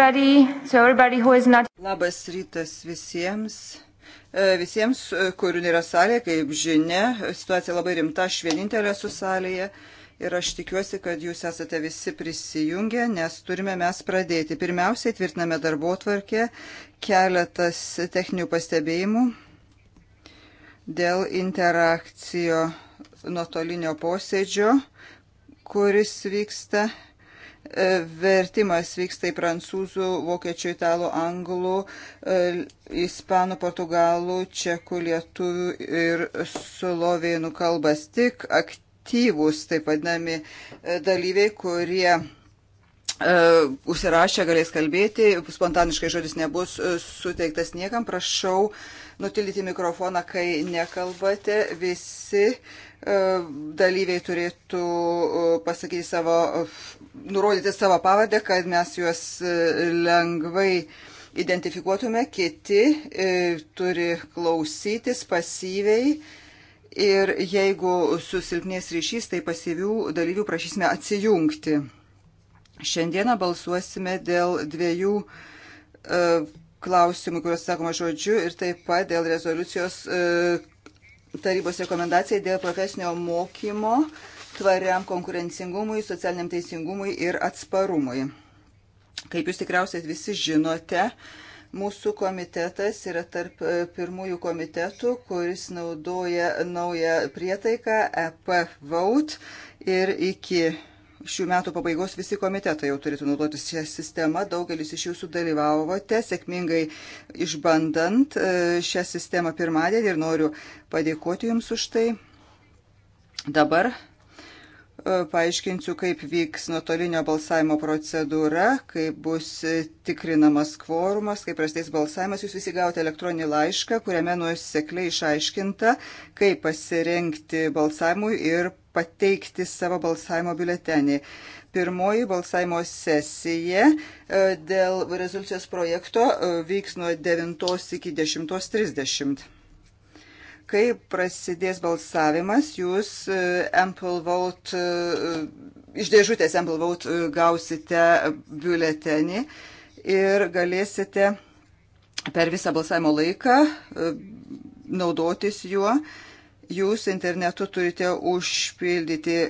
everybody, so everybody who is not... Labas rytas visiems. E, visiems, e, kurių nėra salėje, kaip žinia, situacija labai rimta, aš vienintelė esu salėje ir aš tikiuosi, kad jūs esate visi prisijungę, nes turime mes pradėti. Pirmiausiai tvirtiname darbo tvarkę, keletas techninių pastebėjimų dėl interakcijo nuotolinio posėdžio, kuris vyksta E, vertimas vyksta į prancūzų, vokiečių, italų, anglų, e, ispanų, portugalų, čekų, lietuvių ir slovėnų kalbas. Tik aktyvūs, taip vadinami, e, dalyviai, kurie Uh, užsirašę galės kalbėti, spontaniškai žodis nebus suteiktas niekam. Prašau nutilyti mikrofoną, kai nekalbate. Visi uh, dalyviai turėtų uh, pasakyti savo nurodyti savo pavadę, kad mes juos e, lengvai identifikuotume, kiti e, turi klausytis pasyviai ir jeigu susilpnės ryšys, tai pasyvių dalyvių prašysime atsijungti. Šiandieną balsuosime dėl dviejų e, klausimų, kuriuos sakoma žodžiu, ir taip pat dėl rezoliucijos tarybos rekomendacijai dėl profesinio mokymo tvariam konkurencingumui, socialiniam teisingumui ir atsparumui. Kaip jūs tikriausiai visi žinote, mūsų komitetas yra tarp e, pirmųjų komitetų, kuris naudoja naują prietaiką EP Vote ir iki šių metų pabaigos visi komitetai jau turėtų naudotis šią sistemą. Daugelis iš jūsų dalyvavote sėkmingai išbandant e, šią sistemą pirmadienį ir noriu padėkoti Jums už tai. Dabar E, paaiškinsiu, kaip vyks nuotolinio balsavimo procedūra, kaip bus tikrinamas kvorumas, kaip prasidės balsavimas. Jūs visi gavote elektroninį laišką, kuriame nuosekliai išaiškinta, kaip pasirengti balsavimui ir pateikti savo balsavimo biuletenį. Pirmoji balsavimo sesija e, dėl rezoliucijos projekto e, vyks nuo 9 iki 10.30 kai prasidės balsavimas, jūs e, Ample Vote, e, iš dėžutės Ample Vote e, gausite biuletenį ir galėsite per visą balsavimo laiką naudotis juo jūs internetu turite užpildyti e,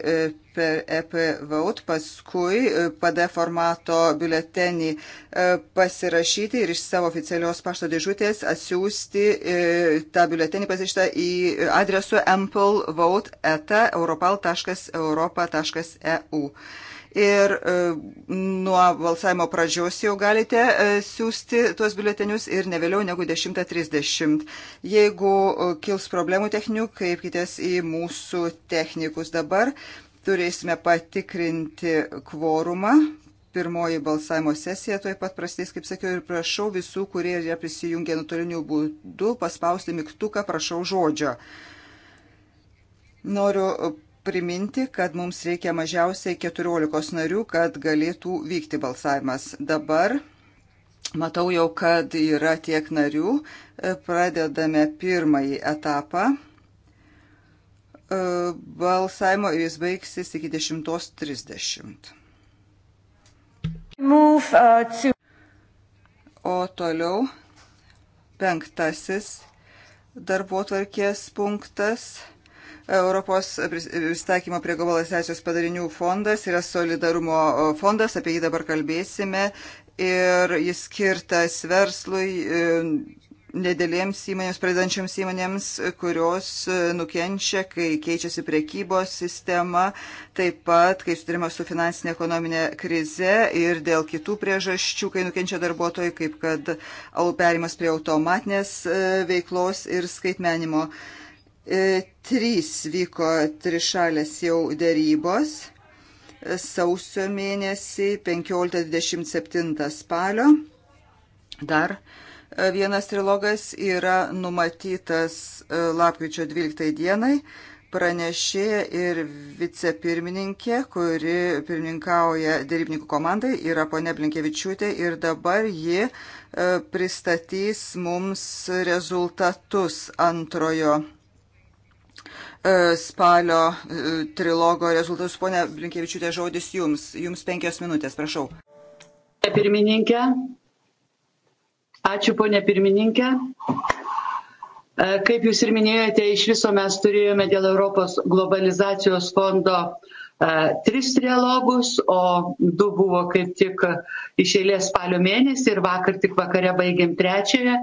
per EPVOT, paskui e, PD formato biuletenį e, pasirašyti ir iš savo oficialios pašto dėžutės atsiųsti tą biuletenį pasirašytą į adresu amplevote.europal.europa.eu ir e, nuo balsavimo pradžios jau galite e, siūsti tuos biuletenius ir ne vėliau negu 10.30. Jeigu e, kils problemų techninių, kreipkitės į mūsų technikus dabar. Turėsime patikrinti kvorumą, pirmoji balsavimo sesija tuoj pat prasidės, kaip sakiau, ir prašau visų, kurie yra prisijungę nuotoliniu būdu, paspausti mygtuką, prašau žodžio. Noriu priminti, kad mums reikia mažiausiai 14 narių, kad galėtų vykti balsavimas. Dabar matau jau, kad yra tiek narių. E, pradedame pirmąjį etapą e, balsavimo ir jis baigsis iki 10.30. Uh, o toliau penktasis darbo tvarkės punktas Europos pristaikymo prie globalizacijos padarinių fondas yra solidarumo fondas, apie jį dabar kalbėsime, ir jis skirtas verslui, e, nedėlėms įmonėms, pradedančioms įmonėms, kurios e, nukenčia, kai keičiasi priekybos sistema, taip pat, kai sutarima su finansinė ekonominė krize ir dėl kitų priežasčių, kai nukenčia darbuotojai, kaip kad perimas prie automatinės e, veiklos ir skaitmenimo. E, trys vyko trišalės jau dėrybos e, sausio mėnesį 15-27 spalio. Dar e, vienas trilogas yra numatytas lapkričio 12 dienai pranešėja ir vicepirmininkė, kuri pirmininkauja dėrybininkų komandai, yra ponė Blinkevičiūtė ir dabar ji pristatys mums rezultatus antrojo E, spalio e, trilogo rezultatus. Pone Blinkevičiūtė, žodis jums. Jums penkios minutės, prašau. Pirmininkė. Ačiū, ponė pirmininkė. E, kaip jūs ir minėjote, iš viso mes turėjome dėl Europos globalizacijos fondo tris trialogus, o du buvo kaip tik iš eilės spalio mėnesį ir vakar tik vakare baigėm trečiąją.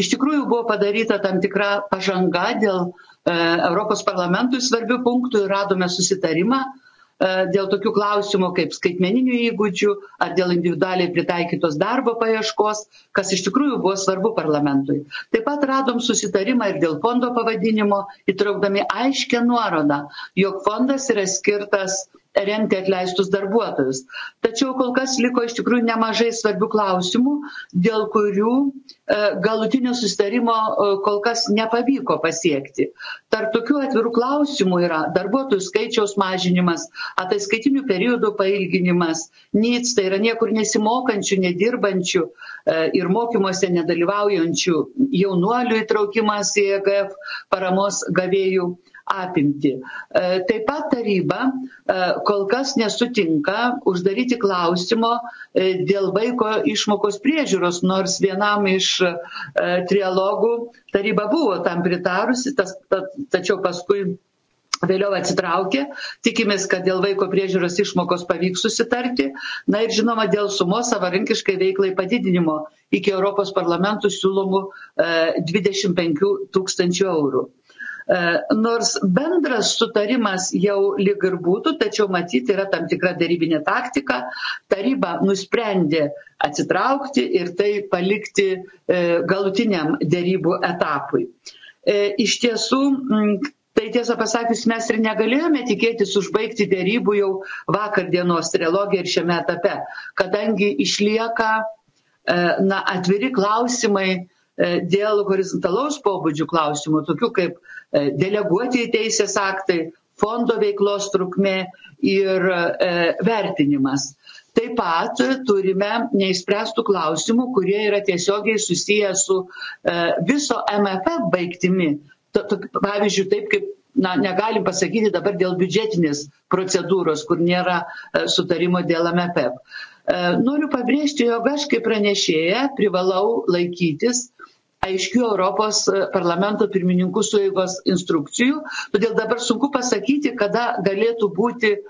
Iš tikrųjų buvo padaryta tam tikra pažanga dėl uh, E, Europos parlamentui svarbių punktų ir radome susitarimą e, dėl tokių klausimų kaip skaitmeninių įgūdžių ar dėl individualiai pritaikytos darbo paieškos, kas iš tikrųjų buvo svarbu parlamentui. Taip pat radom susitarimą ir dėl fondo pavadinimo, įtraukdami aiškę nuorodą, jog fondas yra skirtas remti atleistus darbuotojus tačiau kol kas liko iš tikrųjų nemažai svarbių klausimų dėl kurių e, galutinio susitarimo e, kol kas nepavyko pasiekti tarp tokių atvirų klausimų yra darbuotojų skaičiaus mažinimas ataskaitinių periodų pailginimas nic tai yra niekur nesimokančių nedirbančių e, ir mokymuose nedalyvaujančių jaunuolių įtraukimas į egf paramos gavėjų apimtį e, taip pat taryba e, kol kas nesutinka uždaryti klausimo e, dėl vaiko išmokos priežiūros nors vienam iš trialogų taryba buvo tam pritarusi tas tad tačiau paskui vėliau atsitraukė tikimės kad dėl vaiko priežiūros išmokos pavyks susitarti na ir žinoma dėl sumos savarankiškai veiklai padidinimo iki europos parlamento siūlomų dvidešim penkių tūkstančių eurų E, nors bendras sutarimas jau lyg ir būtų tačiau matyt yra tam tikra derybinė taktika taryba nusprendė atsitraukti ir tai palikti e, galutiniam derybų etapui e, iš tiesų tai tiesą pasakius mes ir negalėjome tikėtis užbaigti derybų jau vakar dienos trialoge ir šiame etape kadangi išlieka na atviri klausimai E, dėl horizontalaus pobūdžio klausimų, tokių kaip e, deleguoti teisės aktai, fondo veiklos trukmė ir e, vertinimas. Taip pat turime neįspręstų klausimų, kurie yra tiesiogiai susiję su viso MFF baigtimi. Pavyzdžiui, taip kaip na, negalim pasakyti dabar dėl biudžetinės procedūros, kur nėra sutarimo dėl MFF. E, noriu pabrėžti, jog aš kaip pranešėja privalau laikytis aiškių Europos e, parlamento pirmininkų sueigos instrukcijų. Todėl dabar sunku pasakyti, kada galėtų būti e,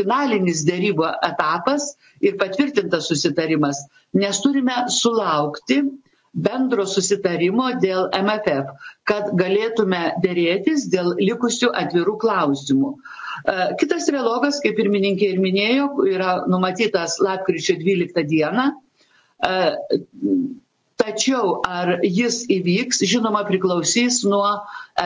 finalinis dėrybo etapas ir patvirtintas susitarimas, nes turime sulaukti bendro susitarimo dėl MFF, kad galėtume dėrėtis dėl likusių atvirų klausimų. E, kitas trilogas, kaip pirmininkė ir minėjo, yra numatytas lapkričio 12 dieną. E, tačiau ar jis įvyks, žinoma, priklausys nuo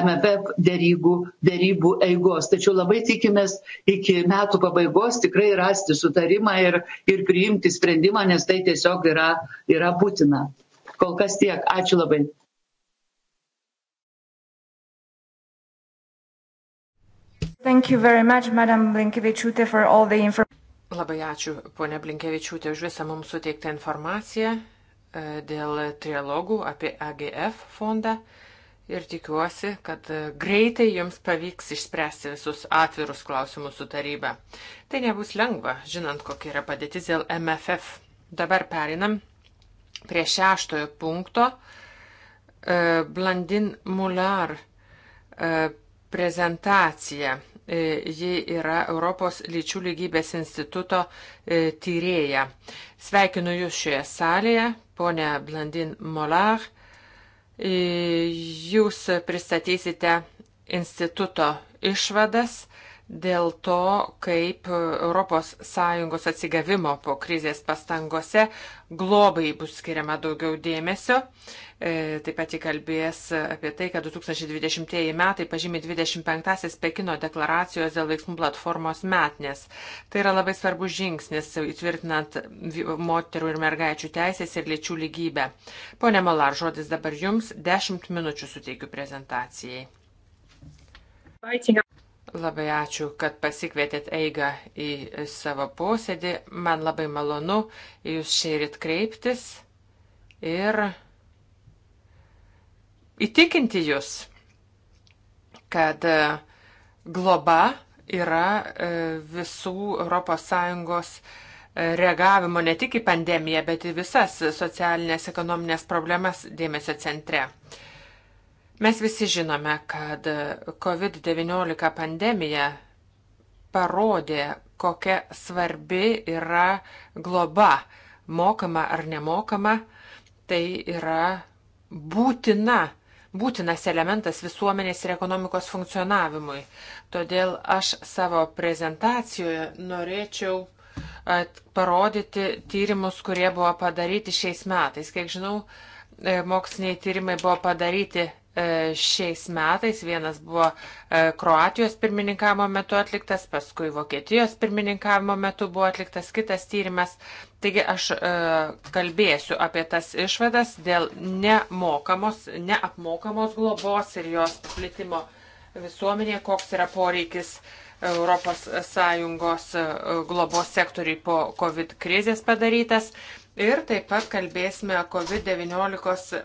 MFF dėrybų, dėrybų eigos. Tačiau labai tikimės iki metų pabaigos tikrai rasti sutarimą ir, ir priimti sprendimą, nes tai tiesiog yra, yra būtina. Kol kas tiek. Ačiū labai. Much, Labai ačiū, ponė Blinkevičiūtė, už visą mums suteiktą informaciją e, dėl trilogų apie AGF fondą ir tikiuosi, kad e, greitai jums pavyks išspręsti visus atvirus klausimus su taryba. Tai nebus lengva, žinant, kokia yra padėtis dėl MFF. Dabar perinam prie šeštojo punkto. E, Blandin Mular prezentacija E, ji yra Europos lyčių lygybės instituto e, tyrėja. Sveikinu Jūs šioje salėje, ponė Blandin Molar. E, jūs pristatysite instituto išvadas dėl to, kaip ES atsigavimo po krizės pastangose globai bus skiriama daugiau dėmesio. E, E, taip pat jie kalbės apie tai, kad 2020 metai pažymė 25-asias Pekino deklaracijos dėl veiksmų platformos metnės. Tai yra labai svarbus žingsnis įtvirtinant moterų ir mergaičių teisės ir lyčių lygybę. Pone Malar, žodis dabar jums. 10 minučių suteikiu prezentacijai. Labai ačiū, kad pasikvietėt eigą į savo posėdį. Man labai malonu jūs šeirit kreiptis. Ir įtikinti jūs, kad e, globa yra e, visų ES e, reagavimo ne tik į pandemiją, bet į visas socialinės ekonominės problemas dėmesio centre. Mes visi žinome, kad COVID-19 pandemija parodė, kokia svarbi yra globa, mokama ar nemokama, tai yra būtina būtinas elementas visuomenės ir ekonomikos funkcionavimui. Todėl aš savo prezentacijoje norėčiau parodyti tyrimus, kurie buvo padaryti šiais metais. Kiek žinau, e, moksliniai tyrimai buvo padaryti E, šiais metais. Vienas buvo e, Kroatijos pirmininkavimo metu atliktas, paskui Vokietijos pirmininkavimo metu buvo atliktas kitas tyrimas. Taigi aš e, kalbėsiu apie tas išvadas dėl nemokamos, neapmokamos globos ir jos plitimo visuomenėje, koks yra poreikis. ES globos sektoriai po COVID krizės padarytas ir taip pat kalbėsime COVID-19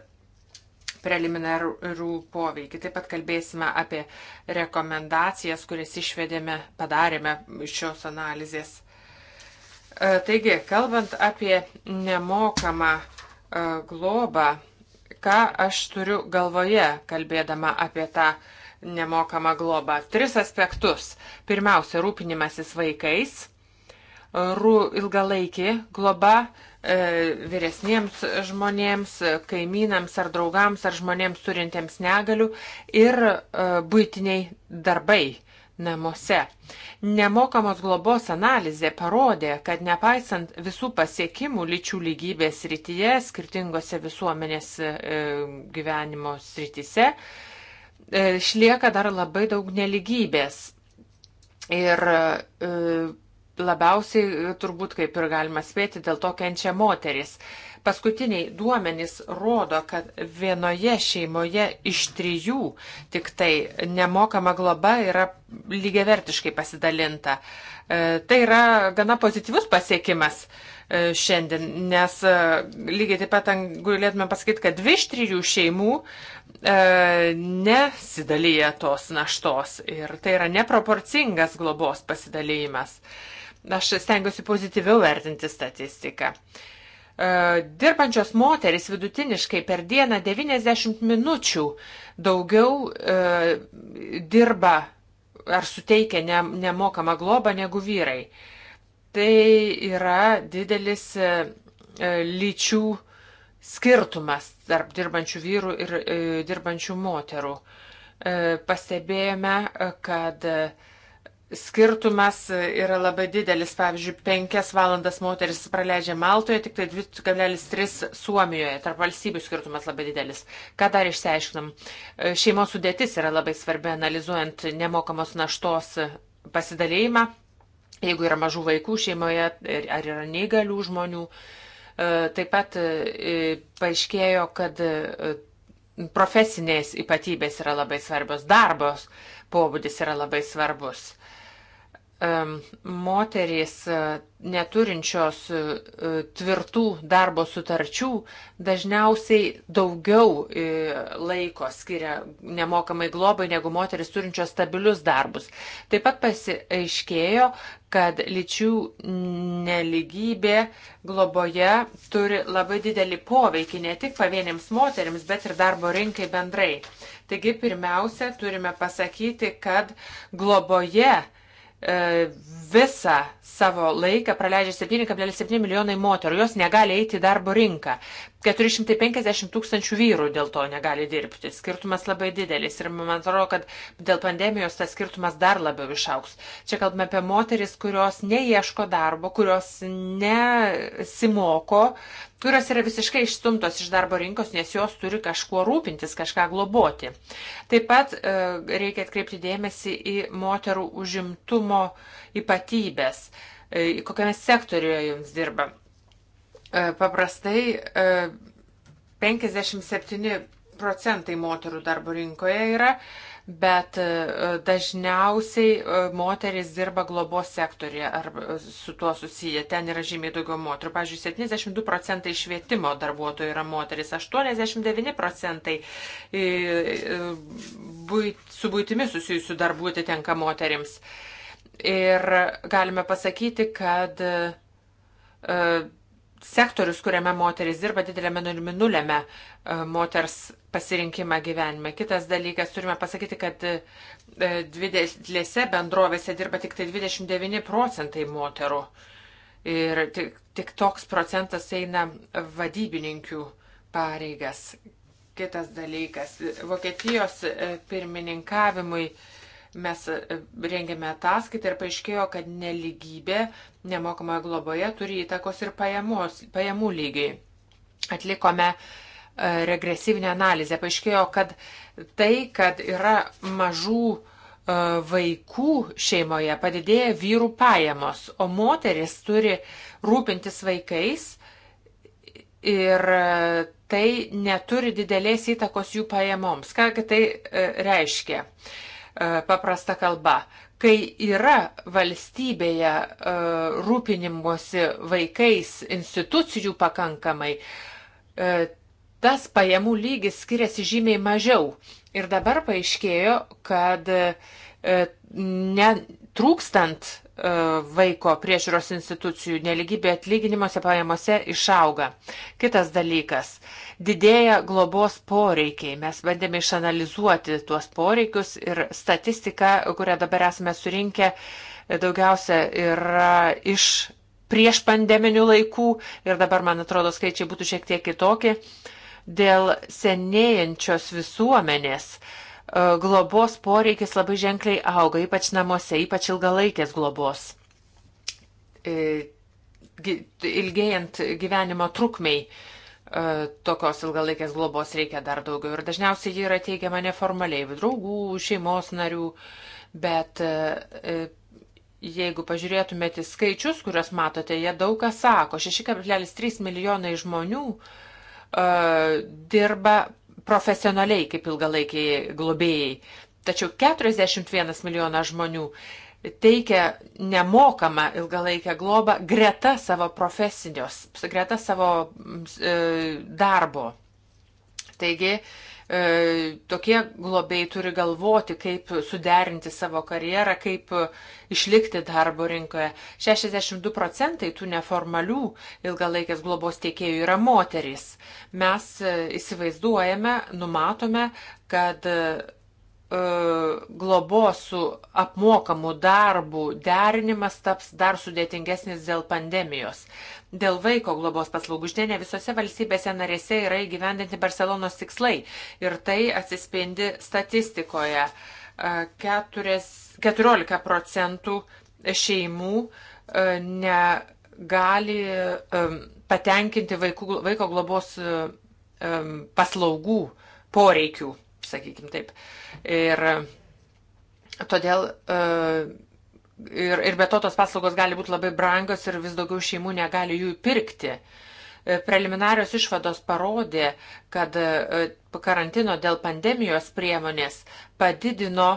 preliminarų poveikį. Taip pat kalbėsime apie rekomendacijas, kurias išvedėme, padarėme šios analizės. E, taigi, kalbant apie nemokamą e, globą, ką aš turiu galvoje, kalbėdama apie tą nemokamą globą? Tris aspektus. Pirmiausia, rūpinimasis vaikais ilgalaikė globa e, vyresniems žmonėms, kaimynams ar draugams ar žmonėms turintiems negalių ir e, būtiniai darbai namuose. Nemokamos globos analizė parodė, kad nepaisant visų pasiekimų lyčių lygybės rytyje, skirtingose visuomenės e, gyvenimo srityse, išlieka dar labai daug neligybės. Ir labiausiai e, turbūt kaip ir galima spėti, dėl to kenčia moteris. Paskutiniai duomenys rodo, kad vienoje šeimoje iš trijų tik tai nemokama globa yra lygiavertiškai pasidalinta. E, tai yra gana pozityvus pasiekimas e, šiandien, nes lygiai taip pat galėtume pasakyti, kad dvi iš trijų šeimų nesidalyja tos naštos ir tai yra neproporcingas globos pasidalymas. Uh, Aš stengiuosi pozityviau vertinti statistiką. E, dirbančios moteris vidutiniškai per dieną 90 minučių daugiau e, dirba ar suteikia nemokamą globą negu vyrai. Tai yra didelis e, lyčių skirtumas tarp dirbančių vyrų ir dirbančių moterų. Pastebėjome, kad skirtumas yra labai didelis. Pavyzdžiui, penkias valandas moteris praleidžia Maltoje, tik tai 2,3 Suomijoje. Tarp valstybių skirtumas labai didelis. Ką dar išsiaiškinam? E, šeimos sudėtis yra labai svarbi, analizuojant nemokamos naštos pasidalėjimą. Jeigu yra mažų vaikų šeimoje, ar yra neįgalių žmonių. E, taip pat e, paaiškėjo, kad profesinės ypatybės yra labai svarbios, darbos pobūdis yra labai svarbus moterys e, neturinčios e, e, tvirtų darbo sutarčių dažniausiai daugiau laiko skiria nemokamai globai negu moteris turinčios stabilius darbus. Taip pat pasiaiškėjo, kad lyčių neligybė globoje turi labai didelį poveikį ne tik pavieniams moteriams, bet ir darbo rinkai bendrai. Taigi pirmiausia, turime pasakyti, kad globoje E, visą savo laiką praleidžia 7,7 milijonai moterų. Jos negali eiti į darbo rinką. 450 tūkstančių vyrų dėl to negali dirbti. Skirtumas labai didelis ir man atrodo, kad dėl pandemijos tas skirtumas dar labiau išauks. Čia kalbame apie moteris, kurios neieško darbo, kurios nesimoko, kurios yra visiškai išstumtos iš darbo rinkos, nes jos turi kažkuo rūpintis, kažką globoti. Taip pat e, reikia atkreipti dėmesį į moterų užimtumo ypatybės, e, kokiame sektoriuje jums dirba E, paprastai 57 e, procentai moterų darbo rinkoje yra, bet e, dažniausiai moteris dirba globos sektorėje ar su tuo susiję. Ten yra žymiai daugiau moterų. Pavyzdžiui, 72 procentai švietimo darbuotojų yra moteris, 89 procentai su būtimi susijusių darbų atitenka moterims. Ir galime pasakyti, kad sektorius, kuriame moteris dirba didelėme nurimį nulėme e, moters pasirinkimą gyvenime. Kitas dalykas, turime pasakyti, kad e, didelėse bendrovėse dirba tik tai 29 procentai moterų. Ir tik, tik toks procentas eina vadybininkių pareigas. Kitas dalykas, Vokietijos e, pirmininkavimui Mes e, rengėme ataskaitą ir paaiškėjo, kad neligybė nemokamoje globoje turi įtakos ir pajamos, pajamų lygiai. Atlikome e, regresyvinę analizę. Paaiškėjo, kad tai, kad yra mažų e, vaikų šeimoje padidėja vyrų pajamos, o moteris turi rūpintis vaikais ir tai neturi didelės įtakos jų pajamoms. Ką tai reiškia? E, paprasta kalba. Kai yra valstybėje e, rūpinimuosi vaikais institucijų pakankamai, e, tas pajamų lygis skiriasi žymiai mažiau. Ir dabar paaiškėjo, kad ne, trūkstant e, vaiko priežiūros institucijų neligybė atlyginimuose pajamuose išauga. Kitas dalykas - didėja globos poreikiai. Mes bandėme išanalizuoti tuos poreikius ir statistika, kurią dabar esame surinkę, daugiausia yra iš prieš pandeminių laikų ir dabar, man atrodo, skaičiai būtų šiek tiek kitokie. Dėl senėjančios visuomenės uh, globos poreikis labai ženkliai auga, ypač namuose, ypač ilgalaikės globos. E, ilgėjant gyvenimo trukmei e, tokios ilgalaikės globos reikia dar daugiau ir dažniausiai ji yra teigiama neformaliai, draugų, šeimos narių, bet e, jeigu pažiūrėtumėte skaičius, kuriuos matote, jie daug ką sako. 6,3 milijonai žmonių dirba profesionaliai kaip ilgalaikiai globėjai. Tačiau 41 milijonas žmonių teikia nemokamą ilgalaikę globą greta savo profesinios, greta savo mm, e, darbo. Taigi, e, E, tokie globėjai turi galvoti, kaip suderinti savo karjerą, kaip išlikti darbo rinkoje. 62 procentai tų neformalių ilgalaikės globos tiekėjų yra moterys. Mes e, įsivaizduojame, numatome, kad E, globos su apmokamu darbu derinimas taps dar sudėtingesnis dėl pandemijos. Dėl vaiko globos paslaugų žinė visose valstybėse narėse yra įgyvendinti Barcelonos tikslai ir tai atsispindi statistikoje. 14 e, procentų šeimų e, negali patenkinti vaikų, vaiko globos paslaugų poreikių sakykim taip. Ir todėl e, ir, ir be to tos paslaugos gali būti labai brangios ir vis daugiau šeimų negali jų pirkti. E, preliminarios išvados parodė, kad e, karantino dėl pandemijos priemonės padidino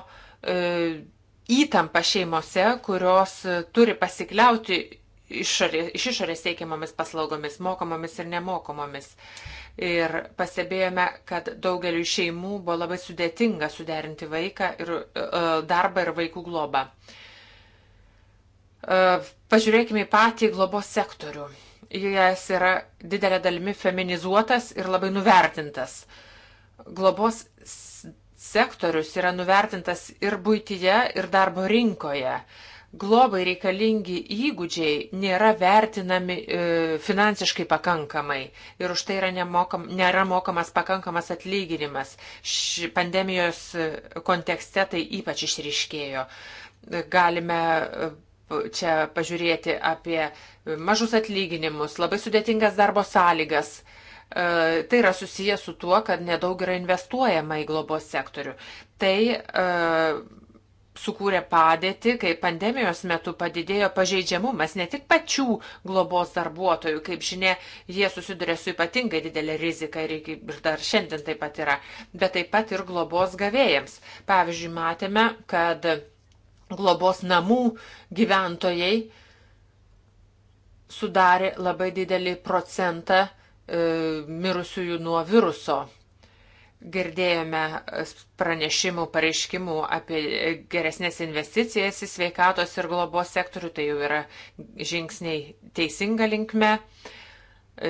įtampą šeimose, kurios turi pasikliauti išorė, iš išorės teikiamomis paslaugomis, mokamomis ir nemokamomis. Uh, ir pastebėjome, kad daugeliu šeimų buvo labai sudėtinga suderinti vaiką ir e, darbą ir vaikų globą. E, pažiūrėkime į patį globos sektorių. Jis yra didelė dalimi feminizuotas ir labai nuvertintas. Globos sektorius yra nuvertintas ir būtyje, ir darbo rinkoje. Uh, globai reikalingi įgūdžiai nėra vertinami e, finansiškai pakankamai ir už tai yra nemokam, nėra mokamas pakankamas atlyginimas. Ši pandemijos e, kontekste tai ypač išryškėjo. Galime e, čia pažiūrėti apie mažus atlyginimus, labai sudėtingas darbo sąlygas. E, tai yra susijęs su tuo, kad nedaug yra investuojama į globos sektorių. Tai e, sukūrė padėtį, kai pandemijos metu padidėjo pažeidžiamumas ne tik pačių globos darbuotojų, kaip žinia, jie susiduria su ypatingai didelė rizika ir, ir dar šiandien taip pat yra, bet taip pat ir globos gavėjams. Pavyzdžiui, matėme, kad globos namų gyventojai sudarė labai didelį procentą e, mirusiųjų nuo viruso Girdėjome pranešimų, pareiškimų apie geresnės investicijas į sveikatos ir globos sektorių, tai jau yra žingsniai teisinga linkme.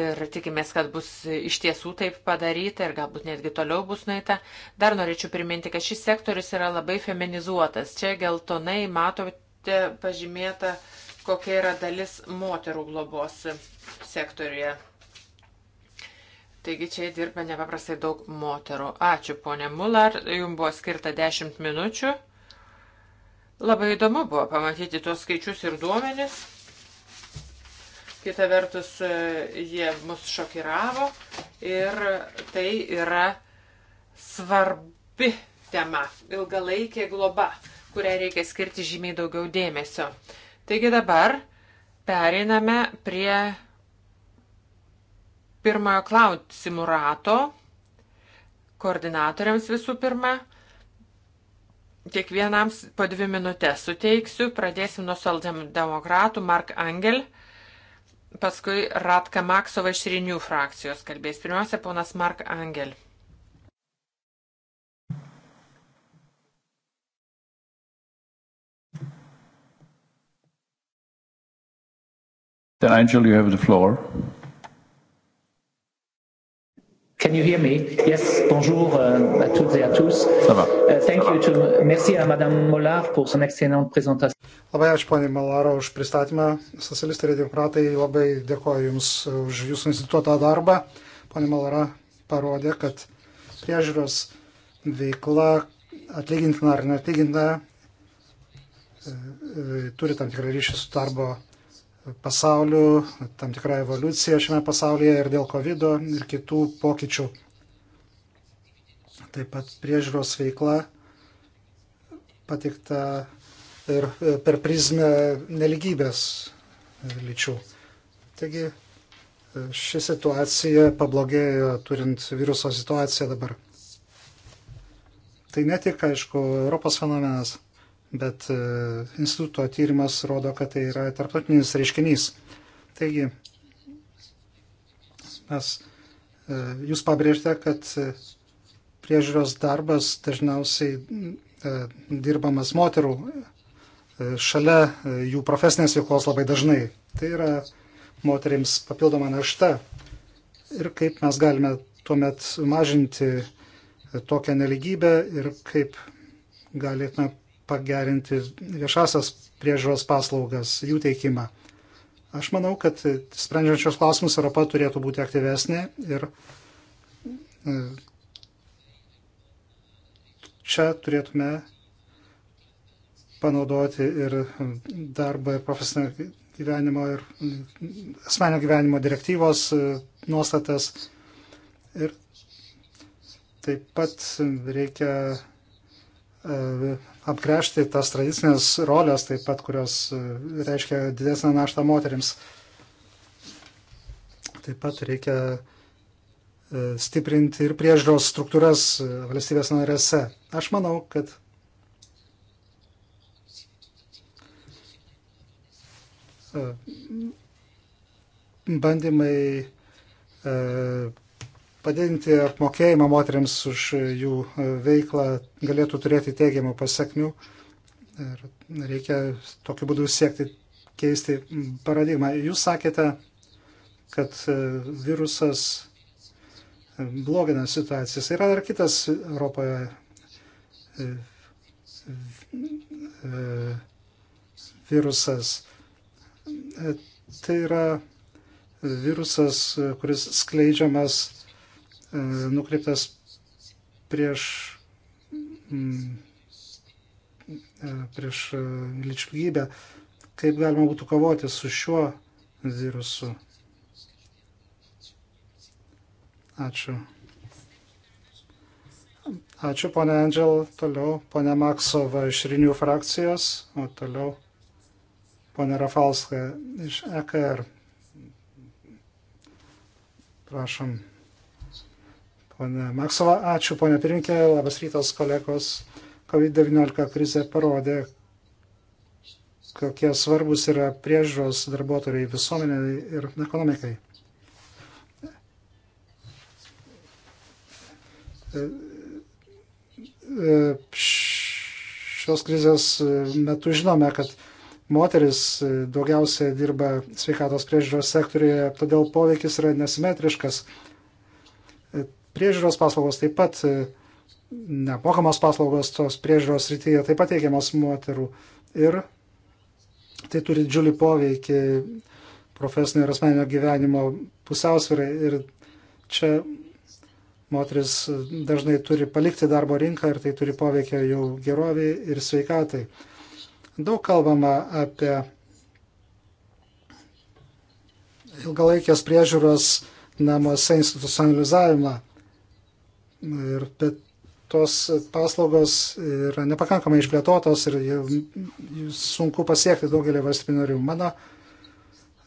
Ir tikimės, kad bus iš tiesų taip padaryta ir galbūt netgi toliau bus nueita. Dar norėčiau priminti, kad šis sektorius yra labai feminizuotas. Čia geltonai matote pažymėta, kokia yra dalis moterų globos sektoriuje. Taigi čia dirba nepaprastai daug moterų. Ačiū, ponė Mular, jums buvo skirta 10 minučių. Labai įdomu buvo pamatyti tuos skaičius ir duomenis. Kita vertus, jie mus šokiravo ir tai yra svarbi tema, ilgalaikė globa, kuriai reikia skirti žymiai daugiau dėmesio. Taigi dabar pereiname prie pirmojo klausimų rato, koordinatoriams visų pirma. Kiekvienam po dvi minutės suteiksiu, pradėsim nuo saldemokratų Mark Angel, paskui Ratka Maksova iš Rinių frakcijos kalbės. Pirmiausia, ponas Mark Angel. Angel, you have the floor. Can you hear me? Yes, bonjour uh, à toutes et à tous. Ça va. Uh, thank you to, merci à Madame Mollard pour son excellente présentation. Labai ačiū, ponė Mollaro, už pristatymą. Socialistai ir demokratai labai dėkoju Jums e, už Jūsų instituto darbą. Ponė Mollara parodė, kad priežiūros veikla atlygintina ar neatlygintina e, e, turi tam tikrą ryšį su darbo pasauliu, tam tikrą evoliuciją šiame pasaulyje ir dėl COVID ir kitų pokyčių. Taip pat priežiūros veikla patikta ir e, per prizmę neligybės lyčių. Taigi e, ši situacija pablogėjo turint viruso situaciją dabar. Tai ne tik, aišku, Europos fenomenas bet e, instituto tyrimas rodo, kad tai yra tarptautinis reiškinys. Taigi, mes, e, jūs pabrėžte, kad e, priežiūros darbas dažniausiai dirbamas moterų šalia jų profesinės veiklos labai dažnai. Tai yra moteriams papildoma našta. Ir kaip mes galime tuomet mažinti tokią neligybę ir kaip galėtume pagerinti viešasias priežiūros paslaugas, jų teikimą. Aš manau, kad sprendžiančios klausimus Europa turėtų būti aktyvesnė ir e, čia turėtume panaudoti ir darbą, ir profesinio gyvenimo, ir asmenio gyvenimo direktyvos e, nuostatas. Ir taip pat reikia e, apkrešti tas tradicinės rolės, taip pat kurios e, reiškia didesnę naštą moteriams. Taip pat reikia e, stiprinti ir priežiūros struktūras e, valstybės narėse. Aš manau, kad bandymai Padidinti apmokėjimą moteriams už jų e, veiklą galėtų turėti teigiamų pasiekmių ir reikia tokiu būdu siekti keisti paradigmą. Jūs sakėte, kad e, virusas e, blogina situacijas. Yra dar kitas Europoje virusas. Tai yra virusas, kuris skleidžiamas E, nukreiptas prieš, mm, e, prieš e, lyčių Kaip galima būtų kovoti su šiuo virusu? Ačiū. Ačiū, ponė Andžel. Toliau, ponė Maksova iš Rinių frakcijos, o toliau, ponė Rafalska iš EKR. Prašom. Pane Maksova, ačiū, ponė Pirinkė, labas rytas, kolegos. COVID-19 krizė parodė, kokie svarbus yra priežiūros darbuotojai visuomeniai ir ekonomikai. Šios krizės metu žinome, kad moteris daugiausiai dirba sveikatos priežiūros sektoriuje, todėl poveikis yra nesimetriškas. Priežiūros paslaugos taip pat, e, nepokamos paslaugos tos priežiūros rytyje taip pat teikiamos moterų. Ir tai turi didžiulį poveikį profesinio ir asmeninio gyvenimo pusiausvirai. Ir čia moteris dažnai turi palikti darbo rinką ir tai turi poveikio jau geroviai ir sveikatai. Daug kalbama apie ilgalaikės priežiūros namuose institucionalizavimą. Ir tos paslaugos yra nepakankamai išplėtotos ir sunku pasiekti daugelį valstybių narių. Mano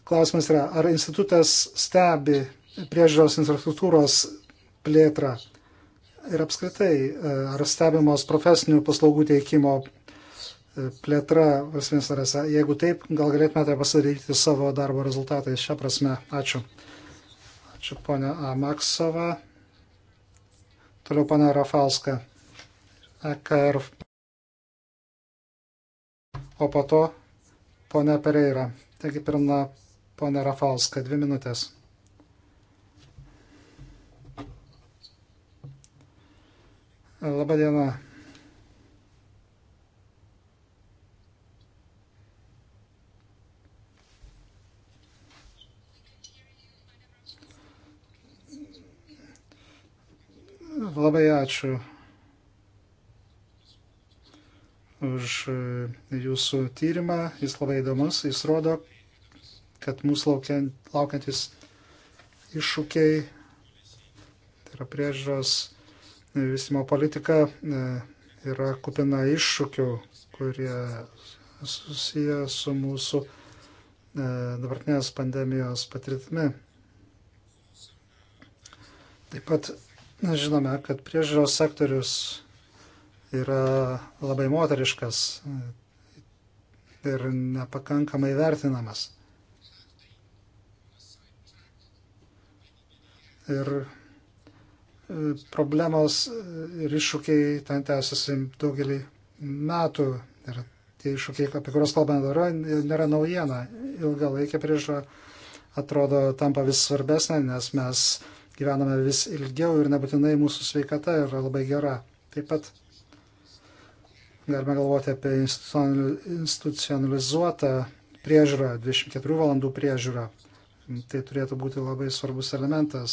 klausimas yra, ar institutas stebi priežiūros infrastruktūros plėtrą ir apskritai, ar stebimos profesinių paslaugų teikimo e, plėtra valstybės narėse. Jeigu taip, gal galėtumėte pasidaryti savo darbo rezultatais šią prasme. Ačiū. Ačiū ponia Amaksova. Toliau pana Rafalska. EKR. O po to ponia Pereira. Taigi pirma ponia Rafalska, dvi minutės. Labadiena. diena. Labai ačiū už e, jūsų tyrimą. Jis labai įdomus. Jis rodo, kad mūsų laukiantis iššūkiai, tai yra priežiūros e, vystimo politika, e, yra kupina iššūkių, kurie susiję su mūsų dabartinės pandemijos patirtimi. Taip pat Žinome, kad priežiūros sektorius yra labai moteriškas ir nepakankamai vertinamas. Ir e, problemos ir iššūkiai ten tęsiasi daugelį metų. Ir tie iššūkiai, apie kuriuos kalbame dabar, nėra naujiena. Ilgalaikė priežiūra atrodo tampa vis svarbesnė, nes mes gyvename vis ilgiau ir nebūtinai mūsų sveikata yra labai gera. Taip pat galime galvoti apie institucionalizuotą priežiūrą, 24 valandų priežiūrą. Tai turėtų būti labai svarbus elementas.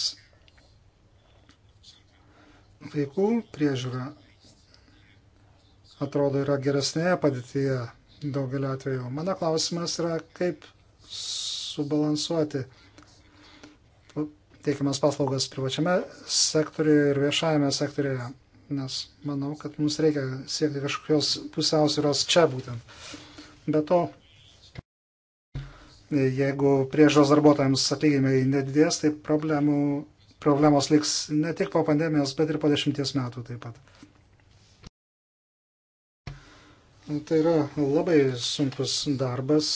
Vaikų priežiūra atrodo yra geresnėje padėtyje daugeliu atveju. Mano klausimas yra, kaip subalansuoti teikiamas paslaugas privačiame sektoriuje ir viešajame sektoriuje, nes manau, kad mums reikia siekti kažkokios pusiausvėros čia būtent. Be to, jeigu priežos darbuotojams atlyginimai nedidės, tai problemų, problemos liks ne tik po pandemijos, bet ir po dešimties metų taip pat. Tai yra labai sunkus darbas,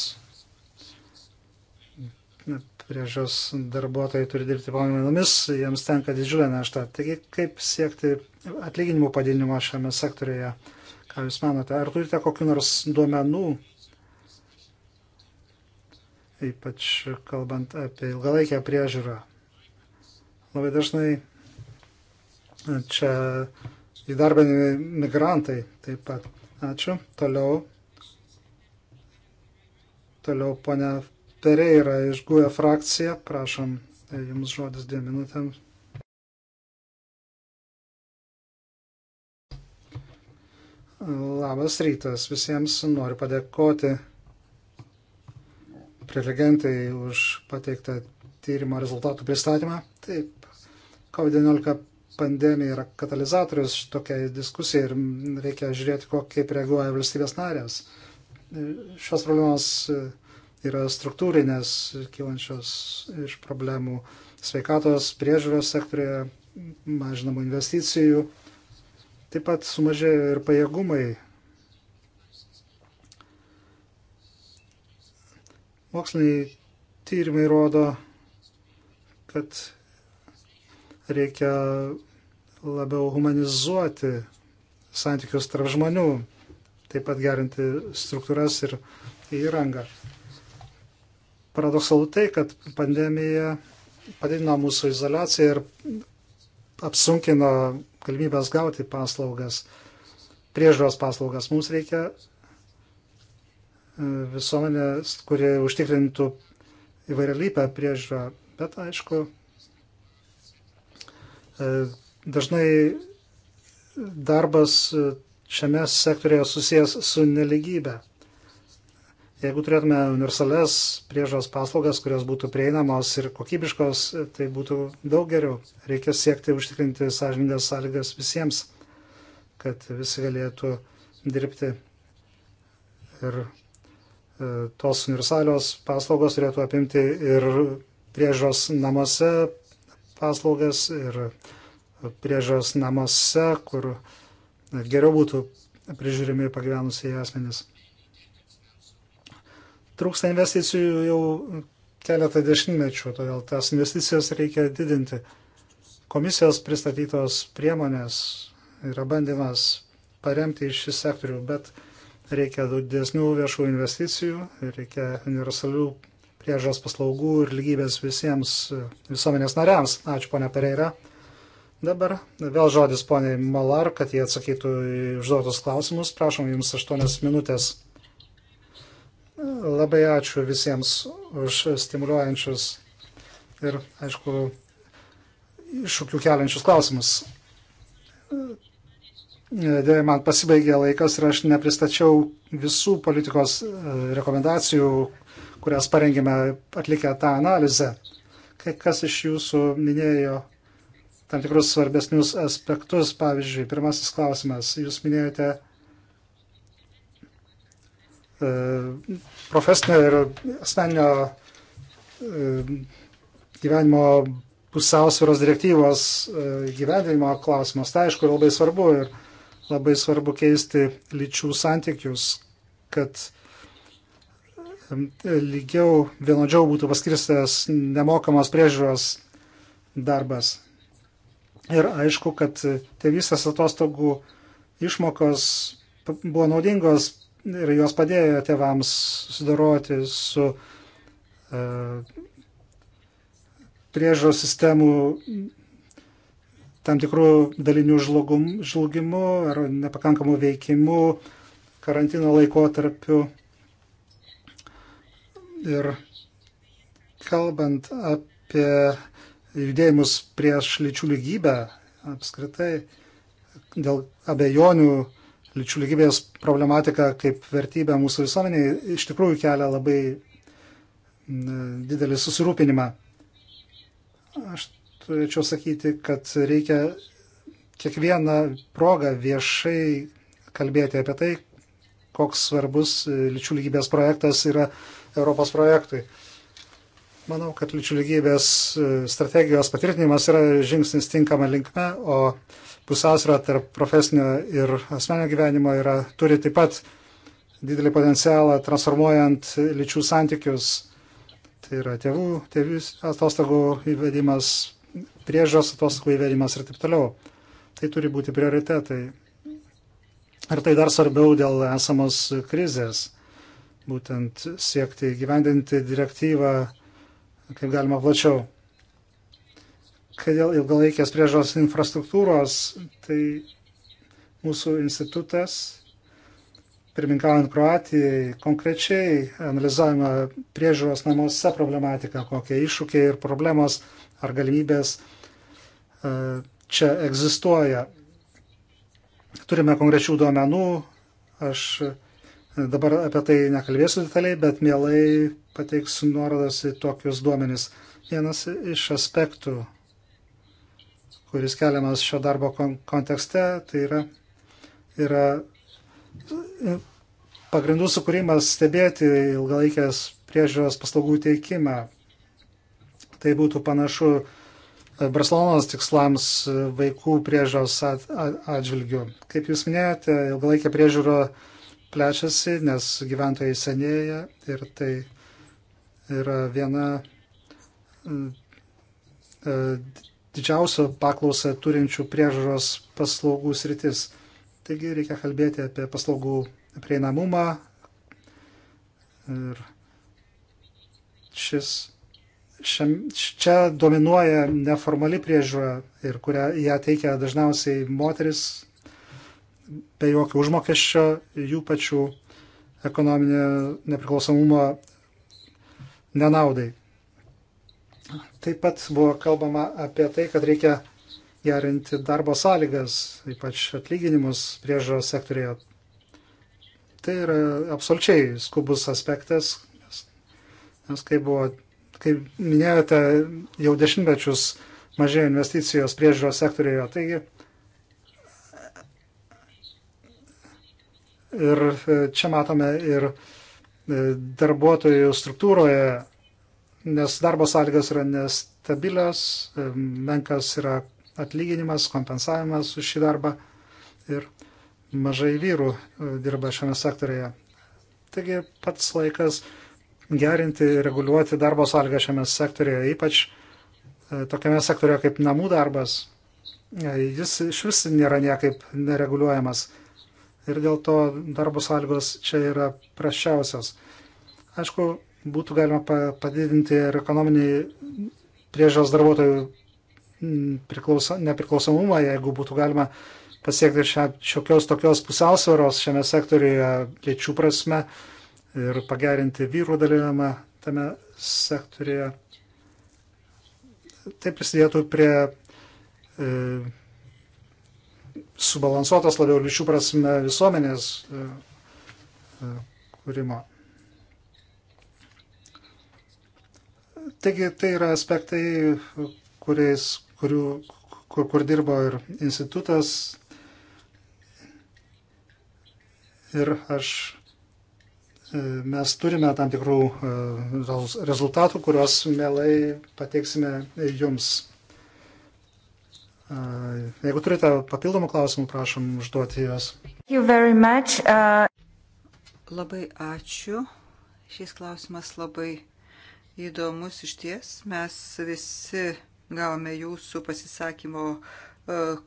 priežas darbuotojai turi dirbti pamainomis, jiems tenka didžiulė našta. Taigi, kaip siekti atlyginimų padidinimo šiame sektorėje? Ką Jūs manote? Ar turite kokiu nors duomenų, ypač kalbant apie ilgalaikę priežiūrą? Labai dažnai čia įdarbinami migrantai taip pat. Ačiū. Toliau. Toliau, ponia Pereira iš GUE frakcija. Prašom, jums žodis dviem minutėm. Labas rytas visiems. Noriu padėkoti prelegentai už pateiktą tyrimo rezultatų pristatymą. Taip, COVID-19 pandemija yra katalizatorius tokiai diskusijai ir reikia žiūrėti, kaip reaguoja valstybės narės. Šios problemos yra struktūrinės kylančios iš problemų sveikatos priežiūros sektorėje, mažinamų investicijų. Taip pat sumažėjo ir pajėgumai. Moksliniai tyrimai rodo, kad reikia labiau humanizuoti santykius tarp žmonių, taip pat gerinti struktūras ir įrangą paradoksalu tai, kad pandemija padidino mūsų izolaciją ir apsunkino galimybės gauti paslaugas, priežiūros paslaugas. Mums reikia e, visuomenės, kurie užtikrintų įvairialypę priežiūrą. Bet aišku, e, dažnai darbas e, šiame sektorėje susijęs su neligybė. Jeigu turėtume universales priežos paslaugas, kurios būtų prieinamos ir kokybiškos, tai būtų daug geriau. Reikia siekti užtikrinti sąžininkas sąlygas visiems, kad visi galėtų dirbti. Ir e, tos universalios paslaugos turėtų apimti ir priežos namuose paslaugas ir priežos namuose, kur geriau būtų prižiūrimi pagyvenusieji asmenys. Trūksta investicijų jau keletą dešimtmečių, todėl tas investicijas reikia didinti. Komisijos pristatytos priemonės yra bandymas paremti šį sektorių, bet reikia didesnių viešų investicijų, reikia universalių priežas paslaugų ir lygybės visiems visuomenės nariams. Ačiū, ponia Pereira. Dabar vėl žodis poniai Malar, kad jie atsakytų į užduotus klausimus. Prašom, jums aštuonias minutės. Labai ačiū visiems už stimuliuojančius ir, aišku, iššūkių keliančius klausimus. Dėja, man pasibaigė laikas ir aš nepristačiau visų politikos e, rekomendacijų, kurias parengėme atlikę tą analizę. Kai kas iš jūsų minėjo tam tikrus svarbesnius aspektus, pavyzdžiui, pirmasis klausimas, jūs minėjote E, profesinio ir asmeninio e, gyvenimo pusiausvėros direktyvos e, gyvenimo klausimas. Tai aišku, labai svarbu ir labai svarbu keisti lyčių santykius, kad lygiau, vienodžiau būtų paskirstas nemokamos priežiūros darbas. Ir aišku, kad tėvystės atostogų išmokos buvo naudingos ir jos padėjo tėvams sudaroti su uh, e, priežos sistemų tam tikrų dalinių žlugum, žlugimu ar nepakankamu veikimu karantino laikotarpiu. Ir kalbant apie judėjimus prieš lyčių lygybę apskritai, dėl abejonių lyčių lygybės problematika kaip vertybė mūsų visuomeniai iš tikrųjų kelia labai didelį susirūpinimą. Aš turėčiau sakyti, kad reikia kiekvieną progą viešai kalbėti apie tai, koks svarbus lyčių lygybės projektas yra Europos projektui. Manau, kad lyčių lygybės strategijos patvirtinimas yra žingsnis tinkama linkme, o pusiausvyrą tarp profesinio ir asmenio gyvenimo yra, turi taip pat didelį potencialą transformuojant lyčių santykius. Tai yra tėvų, tėvis atostogų įvedimas, priežios atostogų įvedimas ir taip toliau. Tai turi būti prioritetai. Ir tai dar svarbiau dėl esamos krizės. Būtent siekti gyvendinti direktyvą kaip galima plačiau. Kai dėl ilgalaikės priežos infrastruktūros, tai mūsų institutas, pirminkaujant Kroatijai, konkrečiai analizavome priežiūros namuose problematiką, kokie iššūkiai ir problemos ar galimybės e, čia egzistuoja. Turime konkrečių duomenų, aš e, dabar apie tai nekalbėsiu detaliai, bet mielai pateiksiu nuorodas į tokius duomenis. Vienas iš aspektų kuris keliamas šio darbo kontekste, tai yra, yra e, pagrindų sukūrimas stebėti ilgalaikės priežiūros paslaugų teikimą. Tai būtų panašu e, Barcelonos tikslams e, vaikų priežiūros atžvilgių. Kaip Jūs minėjote, ilgalaikė priežiūro plečiasi, nes gyventojai senėja ir tai yra viena didžiausią paklausą turinčių priežaros paslaugų sritis. Taigi reikia kalbėti apie paslaugų prieinamumą ir šis, šiam, čia dominuoja neformali priežiūra ir kurią ją teikia dažniausiai moteris be jokio užmokesčio jų pačių ekonominio nepriklausomumo nenaudai. Taip pat buvo kalbama apie tai, kad reikia gerinti darbo sąlygas, ypač atlyginimus priežaros sektorėje. Tai yra absoliučiai skubus aspektas, nes kaip buvo, kaip minėjote, jau dešimtmečius mažėjo investicijos priežiūros sektorėje. Taigi ir e, čia matome ir e, darbuotojų struktūroje nes darbo sąlygos yra nestabilios, e, menkas yra atlyginimas, kompensavimas už šį darbą ir mažai vyrų e, dirba šiame sektorėje. Taigi pats laikas gerinti ir reguliuoti darbo sąlygą šiame sektorėje, ypač e, tokiame sektorėje kaip namų darbas. Jis iš vis nėra niekaip nereguliuojamas ir dėl to darbo sąlygos čia yra prašiausios. Aišku, būtų galima padidinti ir ekonominį priežiūros darbuotojų mm, priklauso, nepriklausomumą, jeigu būtų galima pasiekti šia, šiokios tokios pusiausvėros šiame sektoriuje lyčių prasme ir pagerinti vyrų dalyvimą tame sektoriuje. Tai prisidėtų prie e, subalansuotos labiau lyčių prasme visuomenės e, e, kūrimo. Taigi tai yra aspektai, kuriais, kurių, kur, kur dirbo ir institutas. Ir aš, e, mes turime tam tikrų e, rezultatų, kuriuos mielai pateiksime jums. E, jeigu turite papildomų klausimų, prašom užduoti juos. Uh... Labai ačiū. Šis klausimas labai įdomus iš ties. Mes visi gavome jūsų pasisakymo e,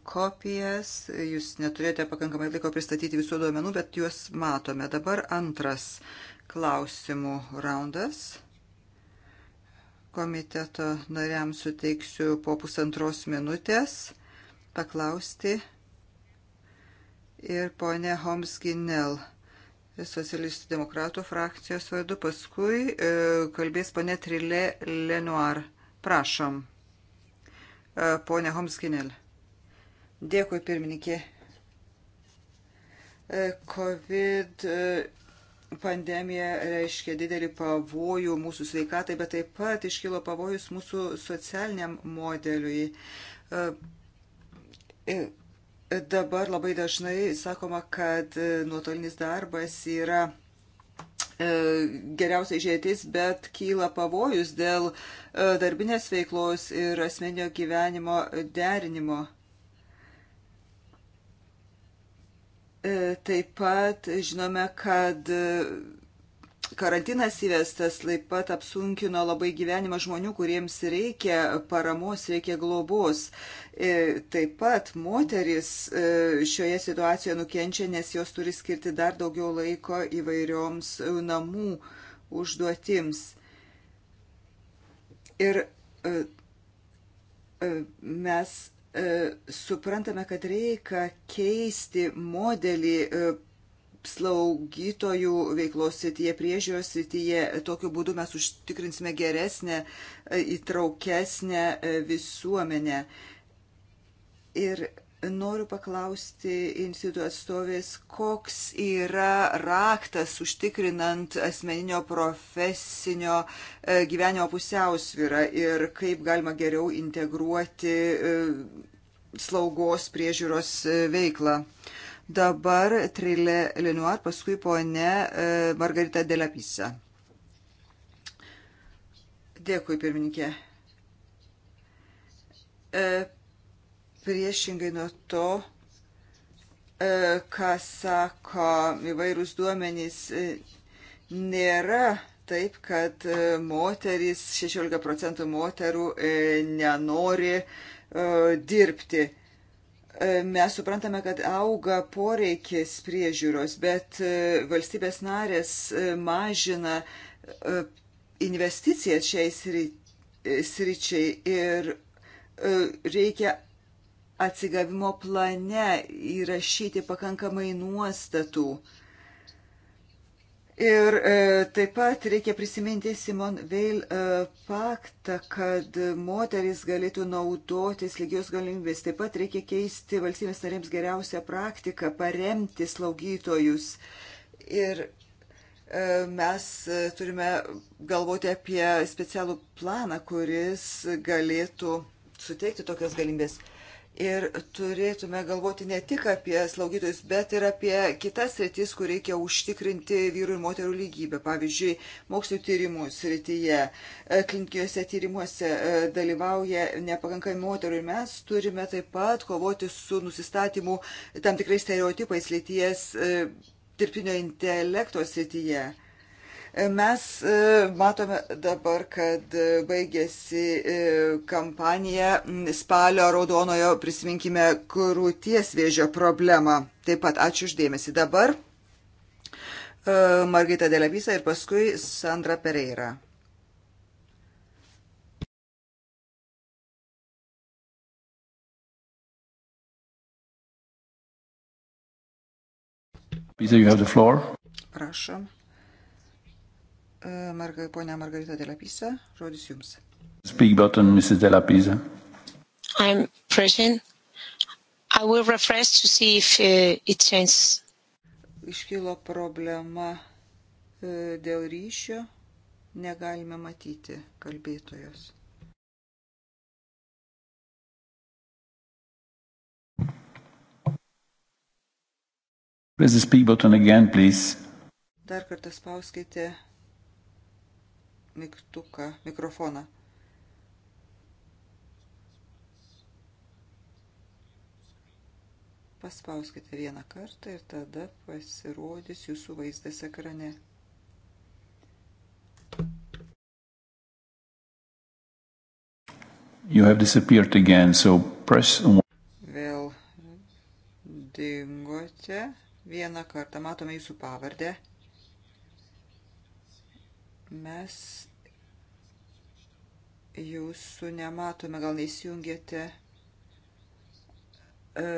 kopijas. Jūs neturėjote pakankamai laiko pristatyti visų duomenų, bet juos matome. Dabar antras klausimų raundas komiteto nariams suteiksiu po pusantros minutės paklausti. Ir ponė Homskinel socialistų demokratų frakcijos vardu. Paskui e, kalbės pane Trilė Lenoir. Prašom. E, Pone Homskinel. Dėkui, pirmininkė. E, COVID pandemija reiškia didelį pavojų mūsų sveikatai, bet taip pat iškilo pavojus mūsų socialiniam modeliui Dabar labai dažnai sakoma, kad e, nuotolinis darbas yra e, geriausiai žėtis, bet kyla pavojus dėl e, darbinės veiklos ir asmenio gyvenimo derinimo. Taip pat žinome, kad karantinas įvestas taip pat apsunkino labai gyvenimą žmonių, kuriems reikia paramos, reikia globos. E, taip pat moteris e, šioje situacijoje nukenčia, nes jos turi skirti dar daugiau laiko įvairioms namų užduotims. Ir e, mes suprantame, kad reikia keisti modelį slaugytojų veiklos srityje, priežiūros srityje. Tokiu būdu mes užtikrinsime geresnę, e, įtraukesnę e, visuomenę. Ir noriu paklausti instituto atstovės, koks yra raktas užtikrinant asmeninio profesinio e, gyvenimo pusiausvyrą ir kaip galima geriau integruoti slaugos priežiūros veiklą. Uh, Dabar Trilė Lenoir, paskui ponė e, Margarita Delapisa. Dėkui, pirmininkė. E, priešingai nuo to, e, ką sako įvairūs duomenys, nėra taip, kad moterys, 16 procentų moterų nenori dirbti E, mes suprantame, kad auga poreikis priežiūros, bet e, valstybės narės e, mažina investicijas šiai sričiai ir reikia atsigavimo plane įrašyti pakankamai nuostatų Ir e, taip pat reikia prisiminti Simon Veil e, paktą, kad moteris galėtų naudotis lygios galimybės. Taip pat reikia keisti valstybės narėms geriausią praktiką, paremti slaugytojus. Ir e, mes turime galvoti apie specialų planą, kuris galėtų suteikti tokias galimybės. Ir turėtume galvoti ne tik apie slaugytojus, bet ir apie kitas sritis, kur reikia užtikrinti vyrų ir moterų lygybę. Pavyzdžiui, mokslių tyrimų srityje, e, klinikijose tyrimuose e, dalyvauja nepakankami moterų ir mes turime taip pat kovoti su nusistatymu tam tikrais stereotipais lyties e, dirbtinio intelekto srityje. Mes e, matome dabar, kad e, baigėsi e, kampanija spalio raudonojo, prisiminkime, krūties vėžio problemą. Taip pat ačiū uždėmesi. Dabar Margita Delevisa ir paskui Sandra Pereira. Peter, you have the floor. Prašom. Marga, ponia Margarita Delapisa, žodis jums. Speak button, Mrs. Delapisa. I'm present. I will refresh to see if uh, it changes. Iškilo problema e, dėl ryšio, negalime matyti kalbėtojos. Press the speak button again, please. Dar kartą spauskite mygtuką, mikrofoną. Paspauskite vieną kartą ir tada pasirodys jūsų vaizdas ekrane. You have disappeared again, so press one. Vėl dingote vieną kartą. Matome jūsų pavardę. Mes jūsų nematome, gal neįsijungėte e,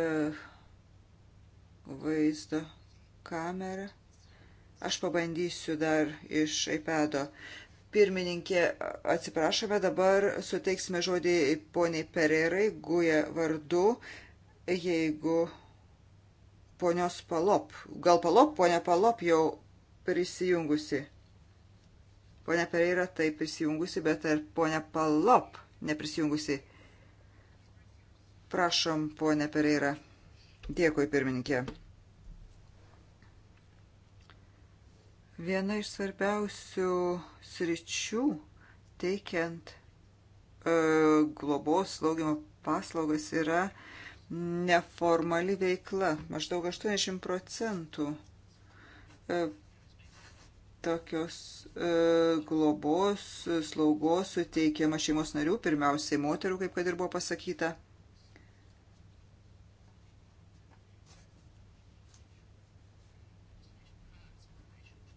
vaizdo kamerą. Aš pabandysiu dar iš iPado. Pirmininkė, atsiprašome, dabar suteiksime žodį poniai Pereirai, guja vardu, jeigu ponios Palop, gal Palop, ponia Palop jau prisijungusi. Pone Pereira taip prisijungusi, bet ar pone Palop neprisijungusi? Prašom, pone Pereira. Dėkui, pirmininkė. Viena iš svarbiausių sričių teikiant e, globos slaugimo paslaugas yra neformali veikla. Maždaug 80 procentų e, tokios e, globos, slaugos suteikiama šeimos narių, pirmiausiai moterų, kaip kad ir buvo pasakyta.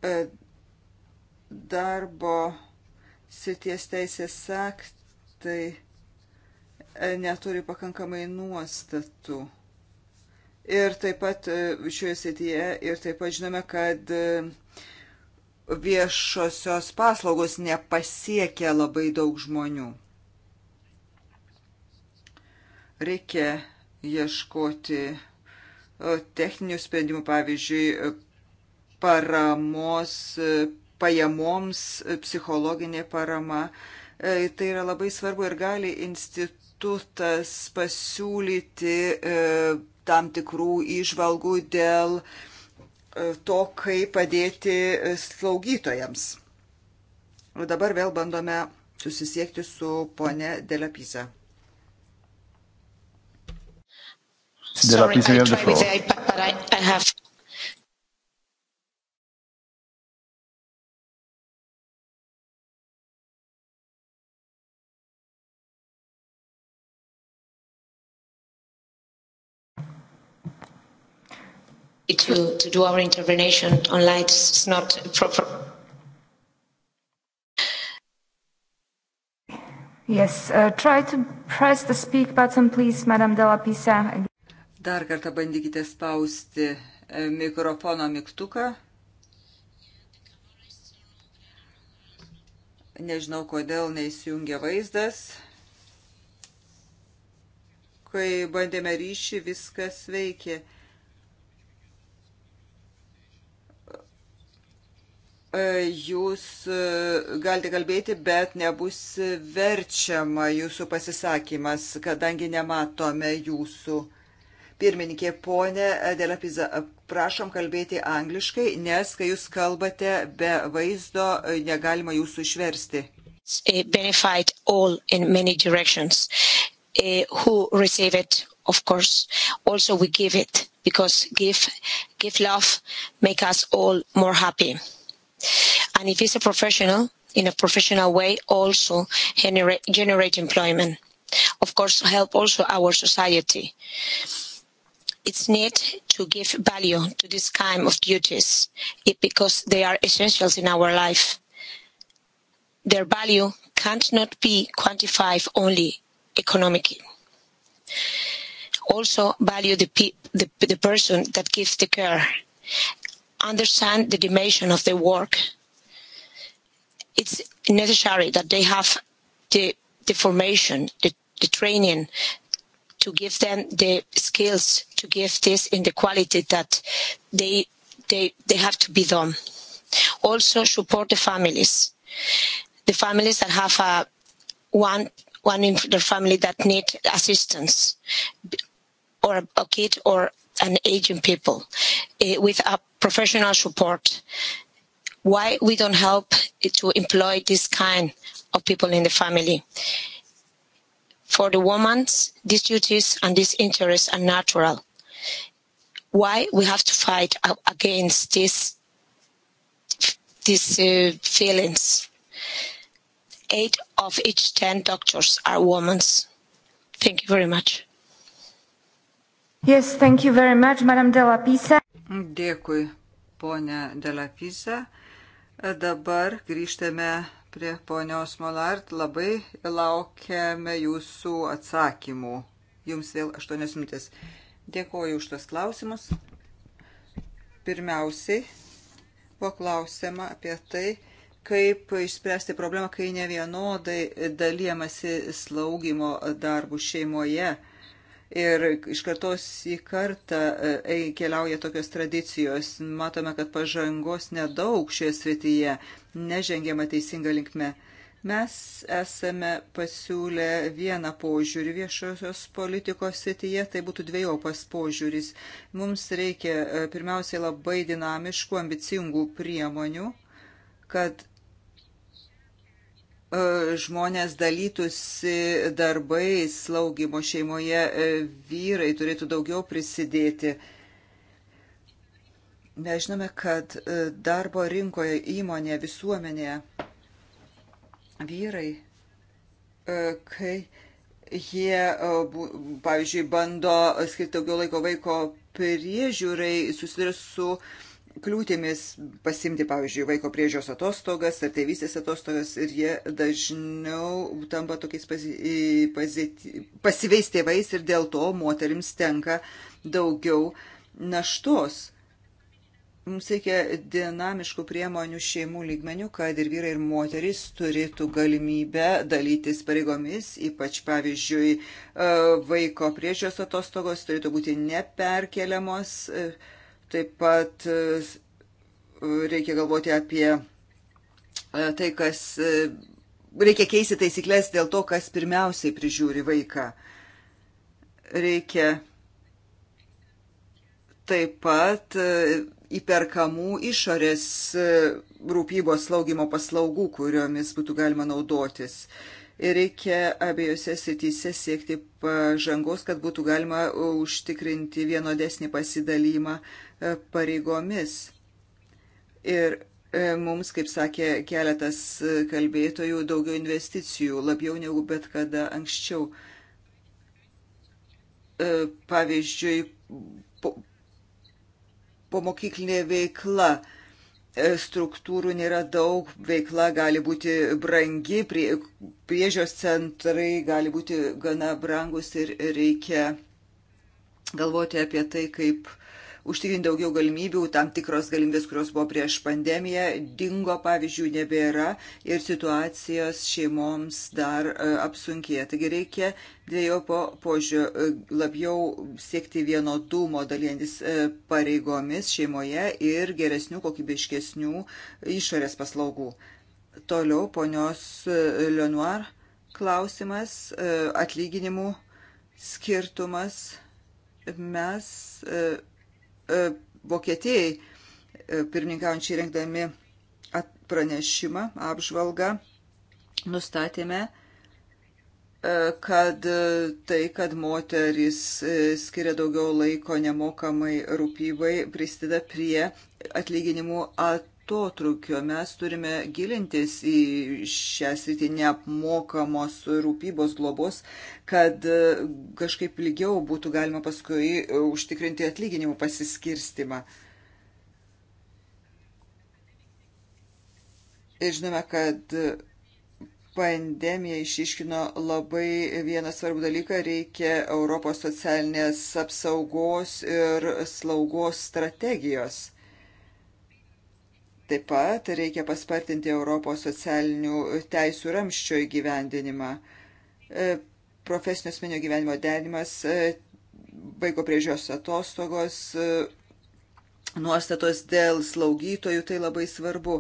E, darbo sities teisės aktai e, neturi pakankamai nuostatų. Ir taip pat šioje srityje ir taip pat žinome, kad viešosios paslaugos nepasiekia labai daug žmonių. Reikia ieškoti e, techninių sprendimų, pavyzdžiui, paramos e, pajamoms, e, psichologinė parama. Tai yra labai svarbu ir gali institutas pasiūlyti tam tikrų išvalgų dėl uh, to, kaip padėti slaugytojams. O dabar vėl bandome susisiekti su ponė Delapisa. Delapisa, you have the floor. to, to do our intervention online. It's not proper. Yes, uh, try to press the speak button, please, Madame Della Pisa. Dar kartą bandykite spausti e, mikrofono mygtuką. Nežinau, kodėl neįsijungia vaizdas kai bandėme ryšį, viskas veikė. E, jūs e, galite kalbėti, bet nebus verčiama jūsų pasisakymas, kadangi nematome jūsų. Pirmininkė, ponė Delapiza, prašom kalbėti angliškai, nes kai jūs kalbate be vaizdo, e, negalima jūsų išversti. Benefit eh, all in many directions. Uh, who receive it, of course. Also, we give it because give, give love, make us all more happy. And if it's a professional, in a professional way, also generate, generate employment. Of course, help also our society. It's need to give value to this kind of duties it, because they are essentials in our life. Their value cannot be quantified only economically. Also, value the, pe- the, the person that gives the care understand the dimension of the work, it's necessary that they have the, the formation, the, the training, to give them the skills to give this in the quality that they they they have to be done. Also support the families, the families that have a one one in their family that need assistance, or a kid or an aging people uh, with a professional support. Why we don't help to employ this kind of people in the family? For the women, these duties and these interests are natural. Why we have to fight against this, these uh, feelings? Eight of each ten doctors are women. Thank you very much. Yes, thank you very much, Madam Della Pisa. Dėkui, ponė Delapisa. Dabar grįžtame prie ponios Molart. Labai laukiame jūsų atsakymų. Jums vėl aštuonios minutės. Dėkoju už tos klausimus. Pirmiausiai buvo klausima apie tai, kaip išspręsti problemą, kai ne vienodai dalyjamasi slaugimo darbų šeimoje ir iš kartos į kartą e, e, keliauja tokios tradicijos. Matome, kad pažangos nedaug šioje srityje, nežengiama teisinga linkme. Mes esame pasiūlę vieną požiūrį viešosios politikos srityje, tai būtų dviejopas požiūris. Mums reikia e, pirmiausiai labai dinamiškų, ambicingų priemonių, kad E, žmonės dalytųsi darbais slaugimo šeimoje, e, vyrai turėtų daugiau prisidėti. Mes žinome, kad e, darbo rinkoje įmonė, visuomenėje vyrai, kai jie, pavyzdžiui, bando skirti daugiau laiko vaiko priežiūrai, susiduria su uh, kliūtimis pasimti, pavyzdžiui, vaiko priežios atostogas ar tėvystės atostogas ir jie dažniau tampa tokiais pasyviais tėvais ir dėl to moterims tenka daugiau naštos. Mums reikia dinamiškų priemonių šeimų lygmenių, kad ir vyrai, ir moteris turėtų galimybę dalytis pareigomis, ypač pavyzdžiui, e, vaiko priežios atostogos turėtų būti neperkeliamos e, Taip pat e, reikia galvoti apie e, tai, kas. E, reikia keisti taisyklės dėl to, kas pirmiausiai prižiūri vaiką. Reikia taip pat įperkamų išorės rūpybos slaugimo paslaugų, kuriomis būtų galima naudotis ir reikia abiejose srityse siekti pažangos, kad būtų galima užtikrinti vienodesnį pasidalymą e, pareigomis. Ir e, mums, kaip sakė keletas e, kalbėtojų, daugiau investicijų, labiau negu bet kada anksčiau. Pavyzdžiui, pomokyklinė veikla E, struktūrų nėra daug, veikla gali būti brangi, prie, priežios centrai gali būti gana brangus ir reikia galvoti apie tai, kaip užtikrinti daugiau galimybių, tam tikros galimybės, kurios buvo prieš pandemiją, dingo, pavyzdžiui, nebėra ir situacijos šeimoms dar e, apsunkėja. Taigi reikia dviejopo požiūrio e, labiau siekti vienodumo dalyjantis e, pareigomis šeimoje ir geresnių, kokybiškesnių išorės paslaugų. Toliau ponios Lenoir klausimas atlyginimų skirtumas mes E, Vokietijai e, pirmininkaujančiai rengdami pranešimą, apžvalgą, nustatėme, e, kad tai, kad moteris skiria daugiau laiko nemokamai rūpybai, prisideda prie atlyginimų at atotrukio. Mes turime gilintis į šią sritį neapmokamos rūpybos globos, kad e, kažkaip lygiau būtų galima paskui e, užtikrinti atlyginimų pasiskirstimą. Ir žinome, kad pandemija išiškino labai vieną svarbų dalyką, reikia Europos socialinės apsaugos ir slaugos strategijos. Taip pat reikia paspartinti Europos socialinių teisų ramščio įgyvendinimą. E, profesinio asmenio gyvenimo derinimas, e, vaiko priežios atostogos, e, nuostatos dėl slaugytojų, tai labai svarbu.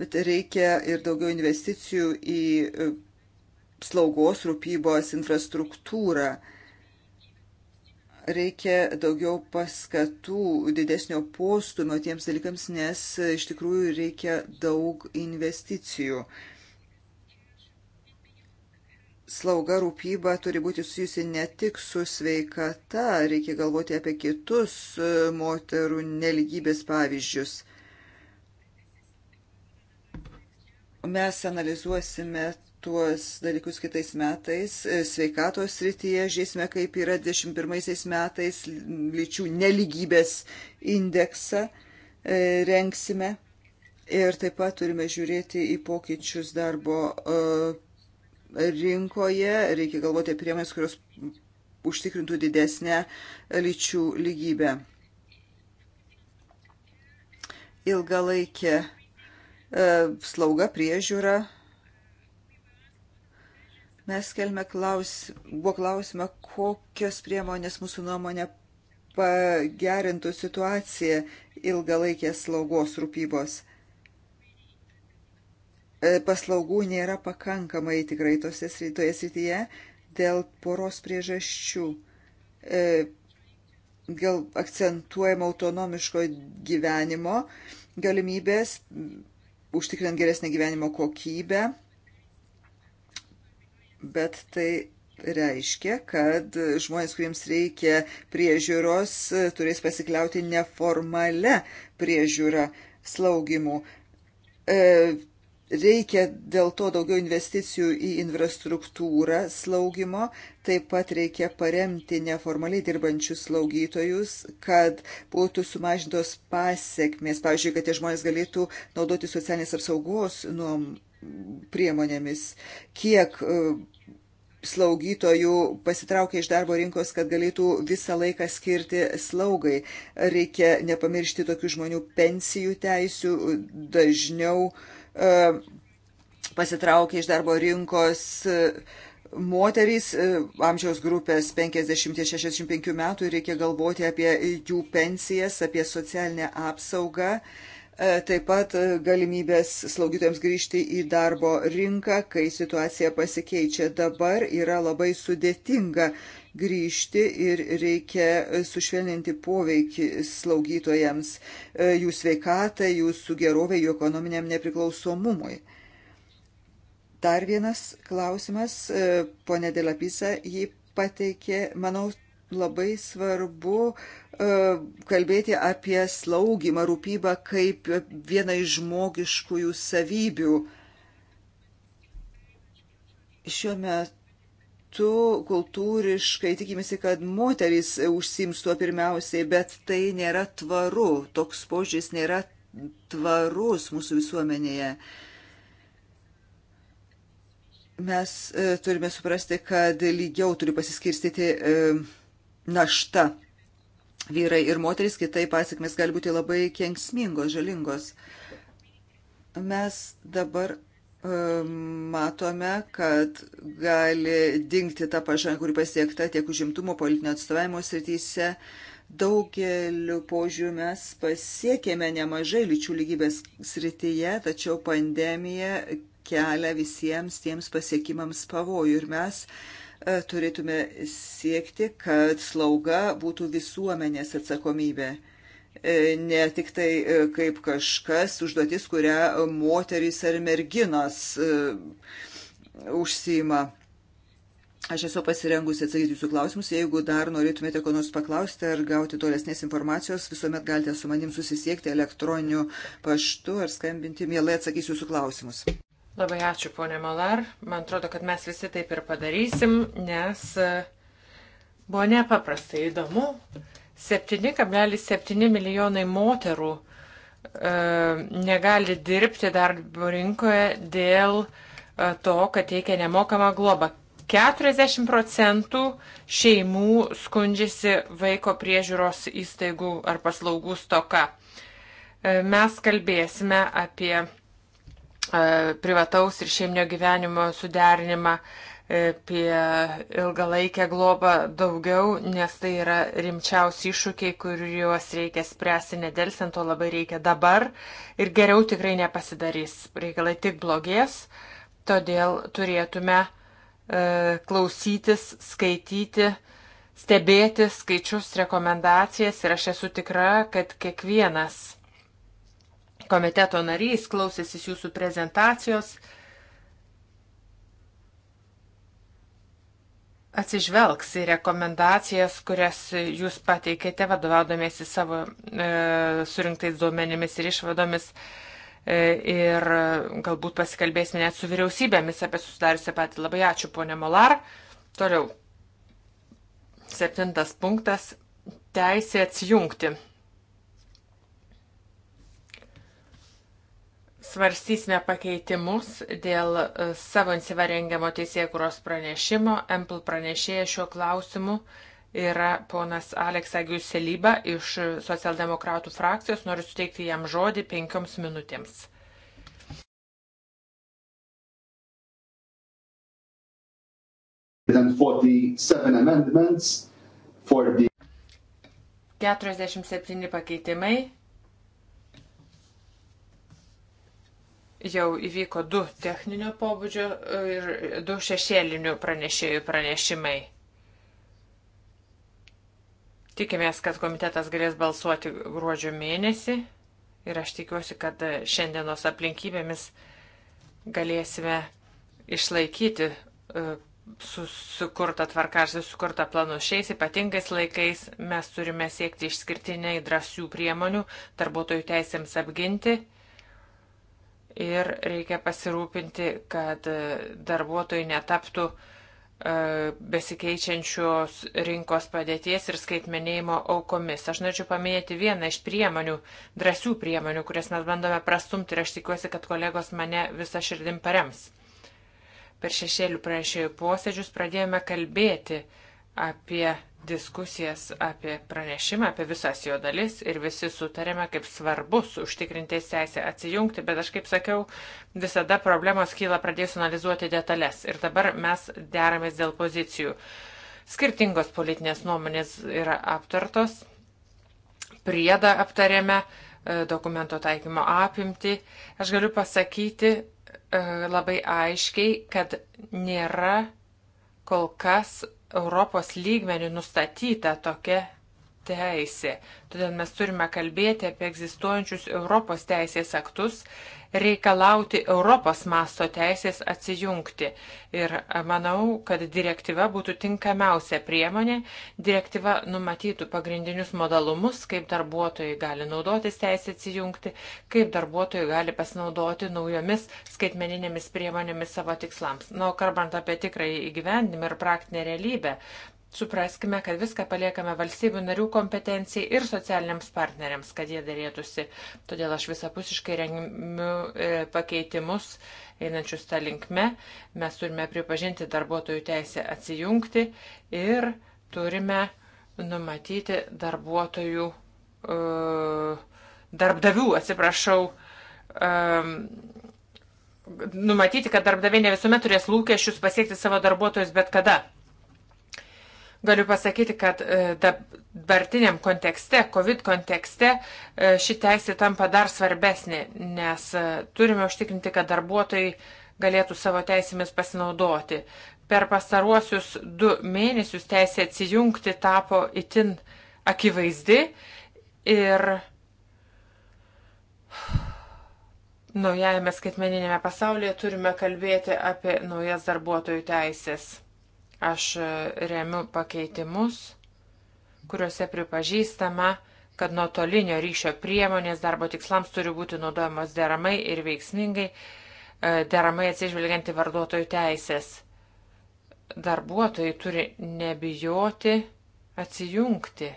Bet reikia ir daugiau investicijų į slaugos rūpybos infrastruktūrą reikia daugiau paskatų, didesnio postumio tiems dalykams, nes iš tikrųjų reikia daug investicijų. Slauga rūpyba turi būti susijusi ne tik su sveikata, reikia galvoti apie kitus e, moterų neligybės pavyzdžius. Mes analizuosime tuos dalykus kitais metais. E, sveikatos srityje žiūrėsime, kaip yra 21 metais lyčių neligybės indeksą e, renksime. Ir taip pat turime žiūrėti į pokyčius darbo e, rinkoje. Reikia galvoti apie priemonės, kurios užtikrintų didesnę lyčių lygybę. Ilgalaikė slauga priežiūra Mes kelme klaus, buvo klausima, kokios priemonės mūsų nuomonė pagerintų situaciją ilgalaikės slaugos rūpybos. E, paslaugų nėra pakankamai tikrai tose, toje srityje dėl poros priežasčių gal e, akcentuojama autonomiško gyvenimo galimybės, užtikrinant geresnę gyvenimo kokybę, bet tai reiškia, kad žmonės, kuriems reikia priežiūros, turės pasikliauti neformale priežiūra slaugimu. E, reikia dėl to daugiau investicijų į infrastruktūrą slaugimo, taip pat reikia paremti neformaliai dirbančius slaugytojus, kad būtų sumažintos pasiekmės, pavyzdžiui, kad tie žmonės galėtų naudoti socialinės apsaugos nuom priemonėmis, kiek e, slaugytojų pasitraukia iš darbo rinkos, kad galėtų visą laiką skirti slaugai. Reikia nepamiršti tokių žmonių pensijų teisių, dažniau e, pasitraukia iš darbo rinkos e, moterys amžiaus grupės 50-65 metų reikia galvoti apie jų pensijas, apie socialinę apsaugą E, taip pat e, galimybės slaugytojams grįžti į darbo rinką, kai situacija pasikeičia. Dabar yra labai sudėtinga grįžti ir reikia e, sušvelninti poveikį slaugytojams, jų sveikatai, jūsų gerovė, jų ekonominiam nepriklausomumui. Dar vienas klausimas, ponė Delapisa jį pateikė, manau, labai svarbu e, kalbėti apie slaugimą, rūpybą kaip vieną iš žmogiškųjų savybių. Šiuo metu kultūriškai tikimasi, kad moteris užsims tuo pirmiausiai, bet tai nėra tvaru, toks požiūris nėra tvarus mūsų visuomenėje mes e, turime suprasti, kad lygiau turi pasiskirstyti e, našta vyrai ir moteris, kitai pasiekmes gali būti labai kenksmingos, žalingos. Mes dabar e, matome, kad gali dingti ta pažanga, kuri pasiekta tiek užimtumo politinio atstovavimo srityse. Daugeliu požiūrių mes pasiekėme nemažai lyčių lygybės srityje, tačiau pandemija kelia visiems tiems pasiekimams pavojų ir mes uh, E, turėtume siekti, kad slauga būtų visuomenės atsakomybė. E, ne tik tai e, kaip kažkas užduotis, kurią moterys ar merginos užsima. Aš esu pasirengusi atsakyti jūsų klausimus. Jeigu dar norėtumėte ko nors paklausti ar gauti tolesnės informacijos, visuomet galite su manim susisiekti elektroniniu paštu ar skambinti. Mielai atsakysiu jūsų klausimus. Labai ačiū, ponė Malar. Man atrodo, kad mes visi taip ir padarysim, nes e, buvo nepaprastai įdomu. 7,7 milijonai moterų e, negali dirbti darbo rinkoje dėl e, to, kad teikia nemokamą globą. 40 procentų šeimų skundžiasi vaiko priežiūros įstaigų ar paslaugų stoka. Mes kalbėsime apie E, privataus ir šeiminio gyvenimo suderinimą, e, apie ilgalaikę globą daugiau, nes tai yra rimčiausi iššūkiai, kuriuos reikia spręsti nedelsiant, to labai reikia dabar ir geriau tikrai nepasidarys. Reikalai tik blogės, todėl turėtume e, klausytis, skaityti, stebėti skaičius, rekomendacijas ir aš esu tikra, kad kiekvienas komiteto narys, klausėsis jūsų prezentacijos. atsižvelgs į rekomendacijas, kurias jūs pateikėte, vadovaudomėsi savo e, surinktais duomenimis ir išvadomis. E, ir galbūt pasikalbėsime net su vyriausybėmis apie susidariusią patį. Labai ačiū, ponė Molar. Toliau. Septintas punktas - teisė atsijungti. Svarstysime pakeitimus dėl e, savo insivarengiamo teisėkuros pranešimo. Empl pranešėja šiuo klausimu yra ponas Aleksa Giuselyba iš socialdemokratų frakcijos. Noriu suteikti jam žodį penkioms minutėms. than 47 amendments for the 47 pakeitimai jau įvyko du techninio pobūdžio e, ir du šešėlinių pranešėjų pranešimai. Tikimės, kad komitetas galės balsuoti gruodžio mėnesį ir aš tikiuosi, kad šiandienos aplinkybėmis galėsime išlaikyti e, susikurtą tvarką ir susikurtą planus. Šiais ypatingais laikais mes turime siekti išskirtiniai drąsių priemonių darbuotojų teisėms apginti ir reikia pasirūpinti, kad darbuotojai netaptų e, besikeičiančios rinkos padėties ir skaitmenėjimo aukomis. Aš norėčiau paminėti vieną iš priemonių, drąsių priemonių, kurias mes bandome prastumti ir aš tikiuosi, kad kolegos mane visą širdim parems. Per šešėlių pranešėjų posėdžius pradėjome kalbėti apie diskusijas apie pranešimą, apie visas jo dalis ir visi sutarėme, kaip svarbus užtikrinti teisę atsijungti, bet aš kaip sakiau, visada problemos kyla pradėjus analizuoti detalės ir dabar mes deramės dėl pozicijų. Skirtingos politinės nuomonės yra aptartos, priedą aptarėme, e, dokumento taikymo apimti. Aš galiu pasakyti e, labai aiškiai, kad nėra kol kas Europos lygmenį nustatyta tokia teisė. Todėl mes turime kalbėti apie egzistuojančius Europos teisės aktus reikalauti Europos masto teisės atsijungti. Ir manau, kad direktyva būtų tinkamiausia priemonė. Direktyva numatytų pagrindinius modalumus, kaip darbuotojai gali naudotis teisę atsijungti, kaip darbuotojai gali pasinaudoti naujomis skaitmeninėmis priemonėmis savo tikslams. Na, nu, kalbant apie tikrąjį įgyvendimą ir praktinę realybę, Supraskime, kad viską paliekame valstybių narių kompetencijai ir socialiniams partneriams, kad jie dėrėtųsi. Todėl aš visapusiškai rengiu e, pakeitimus einančius tą linkme. Mes turime pripažinti darbuotojų teisę atsijungti ir turime numatyti darbuotojų, e, darbdavių, atsiprašau, e, numatyti, kad darbdaviai ne visuomet turės lūkesčius pasiekti savo darbuotojus bet kada. Galiu pasakyti, kad e, dabartiniam kontekste, COVID kontekste, e, ši teisė tampa dar svarbesnė, nes e, turime užtikrinti, kad darbuotojai galėtų savo teisėmis pasinaudoti. Per pastaruosius du mėnesius teisė atsijungti tapo itin akivaizdi ir naujajame skaitmeninėme pasaulyje turime kalbėti apie naujas darbuotojų teisės. Aš e, remiu pakeitimus, kuriuose pripažįstama, kad nuotolinio ryšio priemonės darbo tikslams turi būti naudojamos deramai ir veiksmingai, e, deramai atsižvelgiant į vartotojų teisės. Darbuotojai turi nebijoti atsijungti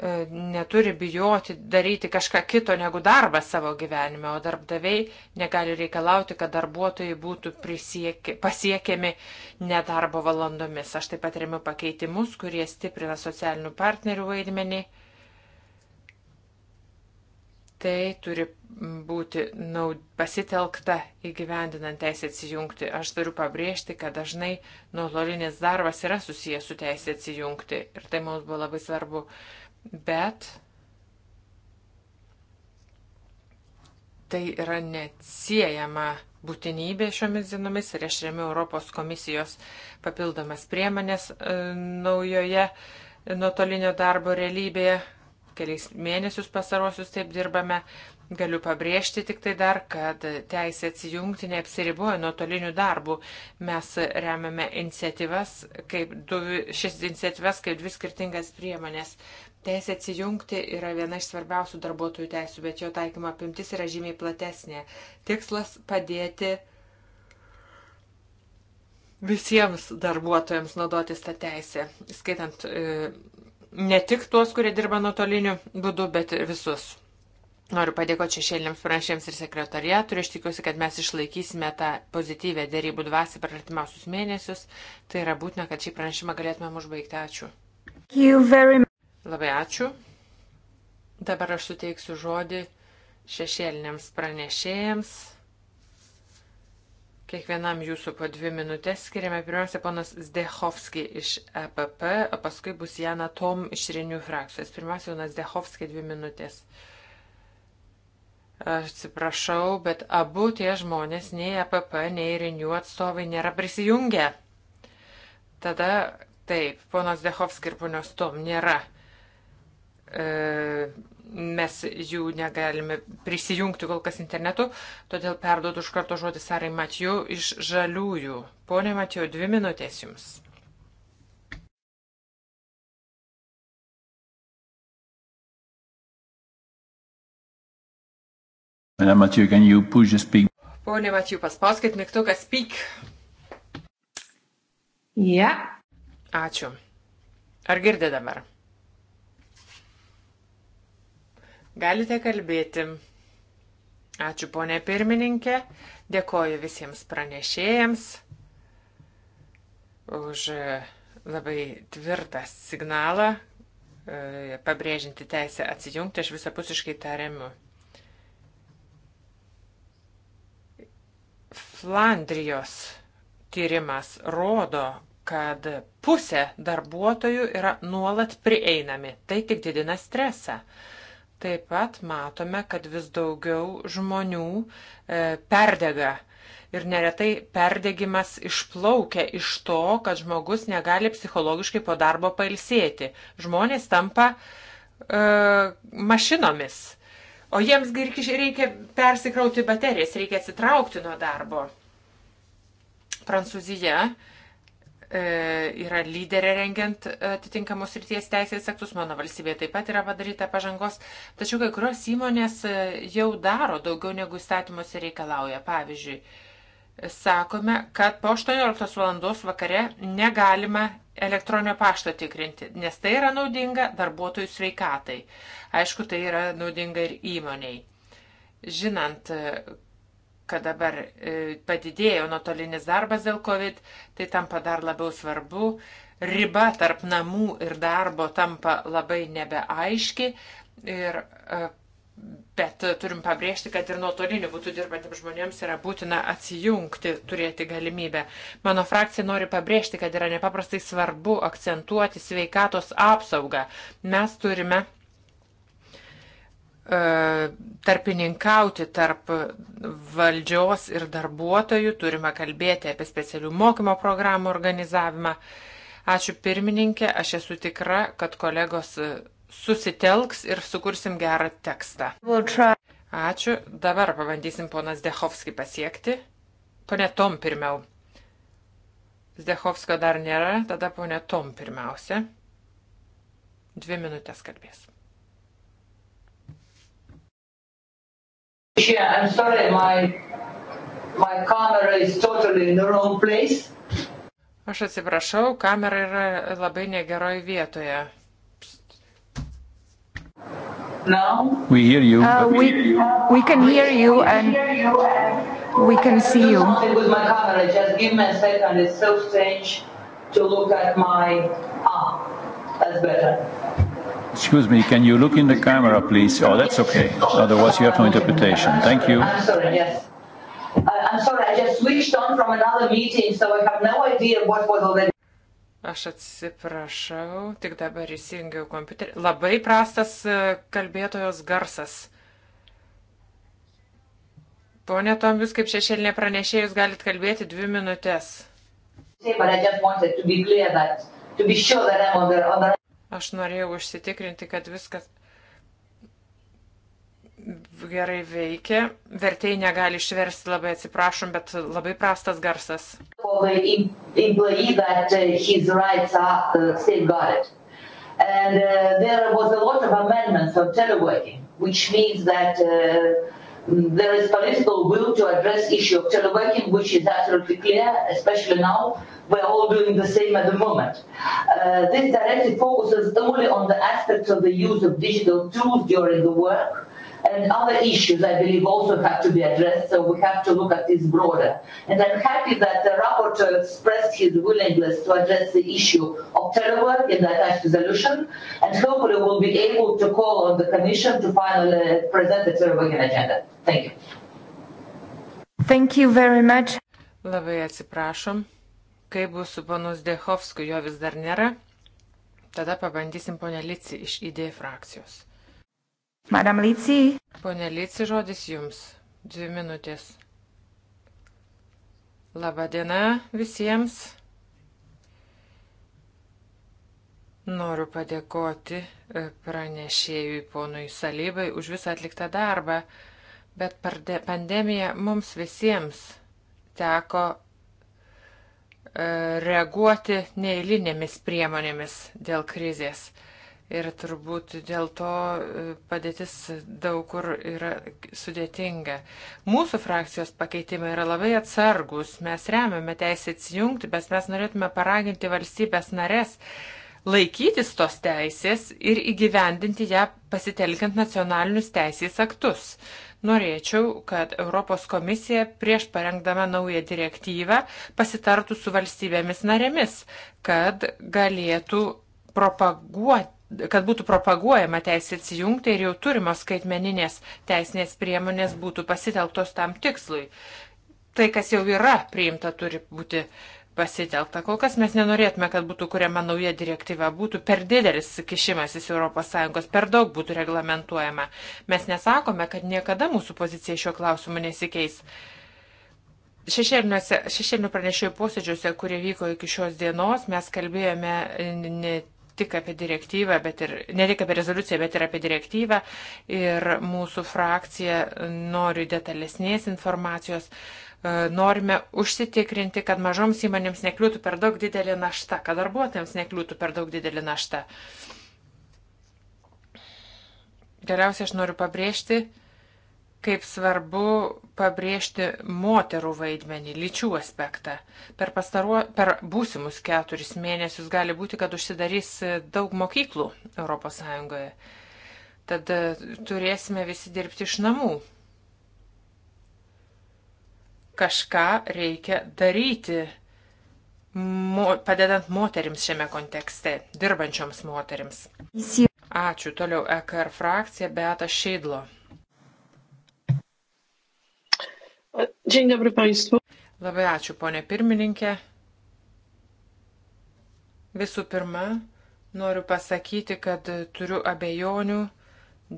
E, neturi bijoti daryti kažką kito negu darbą savo gyvenime, o darbdaviai negali reikalauti, kad darbuotojai būtų prisieki, pasiekiami nedarbo valandomis. Aš taip pat remiu pakeitimus, kurie stiprina socialinių partnerių vaidmenį. Tai turi būti naud, pasitelkta įgyvendinant teisę atsijungti. Aš turiu pabrėžti, kad dažnai nuololinis darbas yra susijęs su teisė atsijungti. Ir tai mums buvo labai svarbu bet tai yra neatsiejama būtinybė šiomis dienomis ir aš remiu Europos komisijos papildomas priemonės e, naujoje nuotolinio darbo realybėje. Keliais mėnesius pasarosius taip dirbame. Galiu pabrėžti tik tai dar, kad teisė atsijungti neapsiriboja nuotoliniu darbu. Mes remiame iniciatyvas, kaip du, šis iniciatyvas kaip dvi skirtingas priemonės. Teisė atsijungti yra viena iš svarbiausių darbuotojų teisų, bet jo taikymo apimtis yra žymiai platesnė. Tikslas padėti visiems darbuotojams naudotis tą teisę, skaitant e, ne tik tuos, kurie dirba nuotoliniu būdu, bet ir visus. Noriu padėkoti šešėlėms pranešėjams ir sekretariatui. Aš tikiuosi, kad mes išlaikysime tą pozityvę dėrybų dvasę per artimiausius mėnesius. Tai yra būtina, kad šį pranešimą galėtumėm užbaigti. Ačiū. Labai ačiū. Dabar aš suteiksiu žodį šešėliniams pranešėjams. Kiekvienam jūsų po dvi minutės skiriame pirmiausia ponas Zdechovski iš EPP, o paskui bus Jana Tom iš Renių frakcijos. Pirmiausia, ponas Zdechovski dvi minutės. Aš atsiprašau, bet abu tie žmonės, nei EPP, nei Renių atstovai nėra prisijungę. Tada taip, ponas Zdechovski ir ponios Tom nėra. E, mes jų negalime prisijungti kol kas internetu, todėl perduodu iš karto žodį Sarai Matiju iš Žaliųjų. Pone Matiju, dvi minutės jums. Matiju, can you push the speak? Pone Matiju, paspauskit mygtuką speak. Ja. Yeah. Ačiū. Ar girdite dabar? Galite kalbėti. Ačiū ponė pirmininkė, dėkoju visiems pranešėjams už labai tvirtą signalą, e, pabrėžinti teisę atsijungti, aš visapusiškai tariamiu. Flandrijos tyrimas rodo, kad pusė darbuotojų yra nuolat prieinami. Tai tik didina stresą. Taip pat matome, kad vis daugiau žmonių e, perdega. Ir neretai perdegimas išplaukia iš to, kad žmogus negali psichologiškai po darbo pailsėti. Žmonės tampa e, mašinomis. O jiems reikia persikrauti baterijas, reikia atsitraukti nuo darbo. Prancūzija e, E, yra lyderė rengiant atitinkamus ryties teisės aktus, mano valstybė taip pat yra padaryta pažangos, tačiau kai kurios įmonės e, jau daro daugiau negu įstatymuose reikalauja. Pavyzdžiui, sakome, kad po 18 valandos vakare negalima elektroninio pašto tikrinti, nes tai yra naudinga darbuotojų sveikatai. Aišku, tai yra naudinga ir įmoniai. Žinant, kad dabar e, padidėjo nuotolinis darbas dėl COVID, tai tampa dar labiau svarbu. Riba tarp namų ir darbo tampa labai nebeaiški. Ir, e, bet turim pabrėžti, kad ir nuotoliniu būtų dirbantiems žmonėms yra būtina atsijungti, turėti galimybę. Mano frakcija nori pabrėžti, kad yra nepaprastai svarbu akcentuoti sveikatos apsaugą. Mes turime E, tarpininkauti tarp valdžios ir darbuotojų, turime kalbėti apie specialių mokymo programų organizavimą. Ačiū pirmininkė, aš esu tikra, kad kolegos e, susitelks ir sukursim gerą tekstą. Ačiū, dabar pabandysim ponas Dehovskį pasiekti. Pone Tom pirmiau. Zdechovskio dar nėra, tada ponė Tom pirmiausia. Dvi minutės kalbės. Yeah, I'm sorry, my, my camera is totally in the wrong place. Aš atsiprašau, kamera yra labai negeroj vietoje. No? We hear you. Uh, we, we can hear you and we can see you. Something with my camera, just give me a second. It's so strange to look at my. Ah, that's better. Excuse me, can you look in the camera, please? Oh, that's okay. Otherwise, you have no interpretation. Thank you. I'm sorry, yes. I, I'm sorry, I just switched on from another meeting, so I have no idea what was already. Aš atsiprašau, tik dabar įsijungiau kompiuterį. Labai prastas e, kalbėtojos garsas. Pone Tom, jūs kaip šešėlinė pranešėjus galit kalbėti dvi minutės. Taip, bet aš tik noriu būti tikras, kad esu on the Aš norėjau užsitikrinti, kad viskas gerai veikia. Vertėjai negali išversti, labai atsiprašom, bet labai prastas garsas. Uh, uh, And uh, there was a lot of amendments on teleworking, which means that uh, there is political will to address issue of teleworking, which is absolutely clear, especially now. We're all doing the same at the moment. Uh, this directive focuses only on the aspects of the use of digital tools during the work, and other issues I believe also have to be addressed, so we have to look at this broader. And I'm happy that the rapporteur expressed his willingness to address the issue of telework in the attached resolution, and hopefully we'll be able to call on the Commission to finally present the teleworking agenda. Thank you. Thank you very much. Labai atsiprašom. Kaip bus su panus Dehovskiu, jo vis dar nėra. Tada pabandysim ponelitsi iš idėjų e frakcijos. Madam Lici. Pone Lici, žodis jums. Dvi minutės. Labadiena visiems. Noriu padėkoti e, pranešėjui ponui Salybai už visą atliktą darbą, bet pandemija mums visiems teko e, reaguoti neįlinėmis priemonėmis dėl krizės ir turbūt dėl to e, padėtis daug kur yra sudėtinga. Mūsų frakcijos pakeitimai yra labai atsargus, mes remiame teisę atsijungti, bet mes norėtume paraginti valstybės narės laikytis tos teisės ir įgyvendinti ją pasitelkiant nacionalinius teisės aktus. Norėčiau, kad Europos komisija prieš parengdama naują direktyvą pasitartų su valstybėmis narėmis, kad galėtų propaguoti kad būtų propaguojama teisė atsijungti ir jau turimos skaitmeninės teisinės priemonės būtų pasitelktos tam tikslui. Tai, kas jau yra priimta, turi būti pasitelkta. Kol kas mes nenorėtume, kad būtų kuriama nauja direktyva, būtų per didelis kišimasis ES, per daug būtų reglamentuojama. Mes nesakome, kad niekada mūsų pozicija šiuo klausimu nesikeis. Šešėlinių pranešėjų posėdžiuose, kurie vyko iki šios dienos, mes kalbėjome ne tik apie direktyvą, bet ir ne tik apie rezoliuciją, bet ir apie direktyvą. Ir mūsų frakcija nori detalesnės informacijos. E, norime užsitikrinti, kad mažoms įmonėms nekliūtų per daug didelė našta, kad darbuotojams nekliūtų per daug didelė našta. Galiausiai aš noriu pabrėžti, kaip svarbu pabrėžti moterų vaidmenį, lyčių aspektą. Per, pastaruo, per būsimus keturis mėnesius gali būti, kad užsidarys daug mokyklų ES. Tad e, turėsime visi dirbti iš namų. Kažką reikia daryti, mo, padedant moterims šiame kontekste, dirbančioms moterims. Ačiū toliau EKR frakcija Beata Šeidlo. Dzień dobry Państwu. Labai ačiū, ponė pirmininkė. Visų pirma, noriu pasakyti, kad turiu abejonių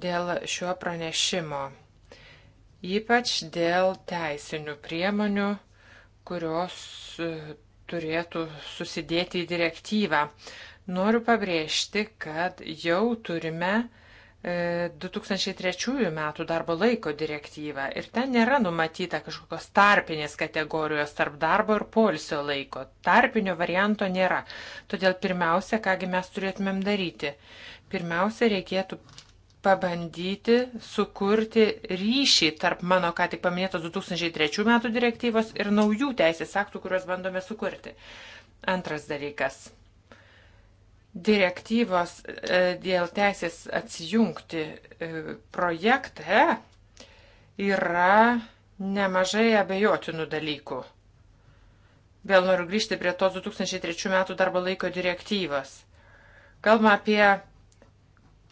dėl šio pranešimo, ypač dėl teisinių priemonių, kurios e, turėtų susidėti į direktyvą. Noriu pabrėžti, kad jau turime 2003 e, metų darbo laiko direktyvą ir ten nėra numatyta kažkokios tarpinės kategorijos tarp darbo ir polsio laiko. Tarpinio varianto nėra. Todėl pirmiausia, kągi mes turėtumėm daryti. Pirmiausia, reikėtų pabandyti sukurti ryšį tarp mano ką tik paminėtos 2003 metų direktyvos ir naujų teisės aktų, kuriuos bandome sukurti. Antras dalykas direktyvos e, dėl teisės atsijungti e, projekte yra nemažai abejotinų dalykų. Vėl noriu grįžti prie tos 2003 metų darbo laiko direktyvos. Kalbama apie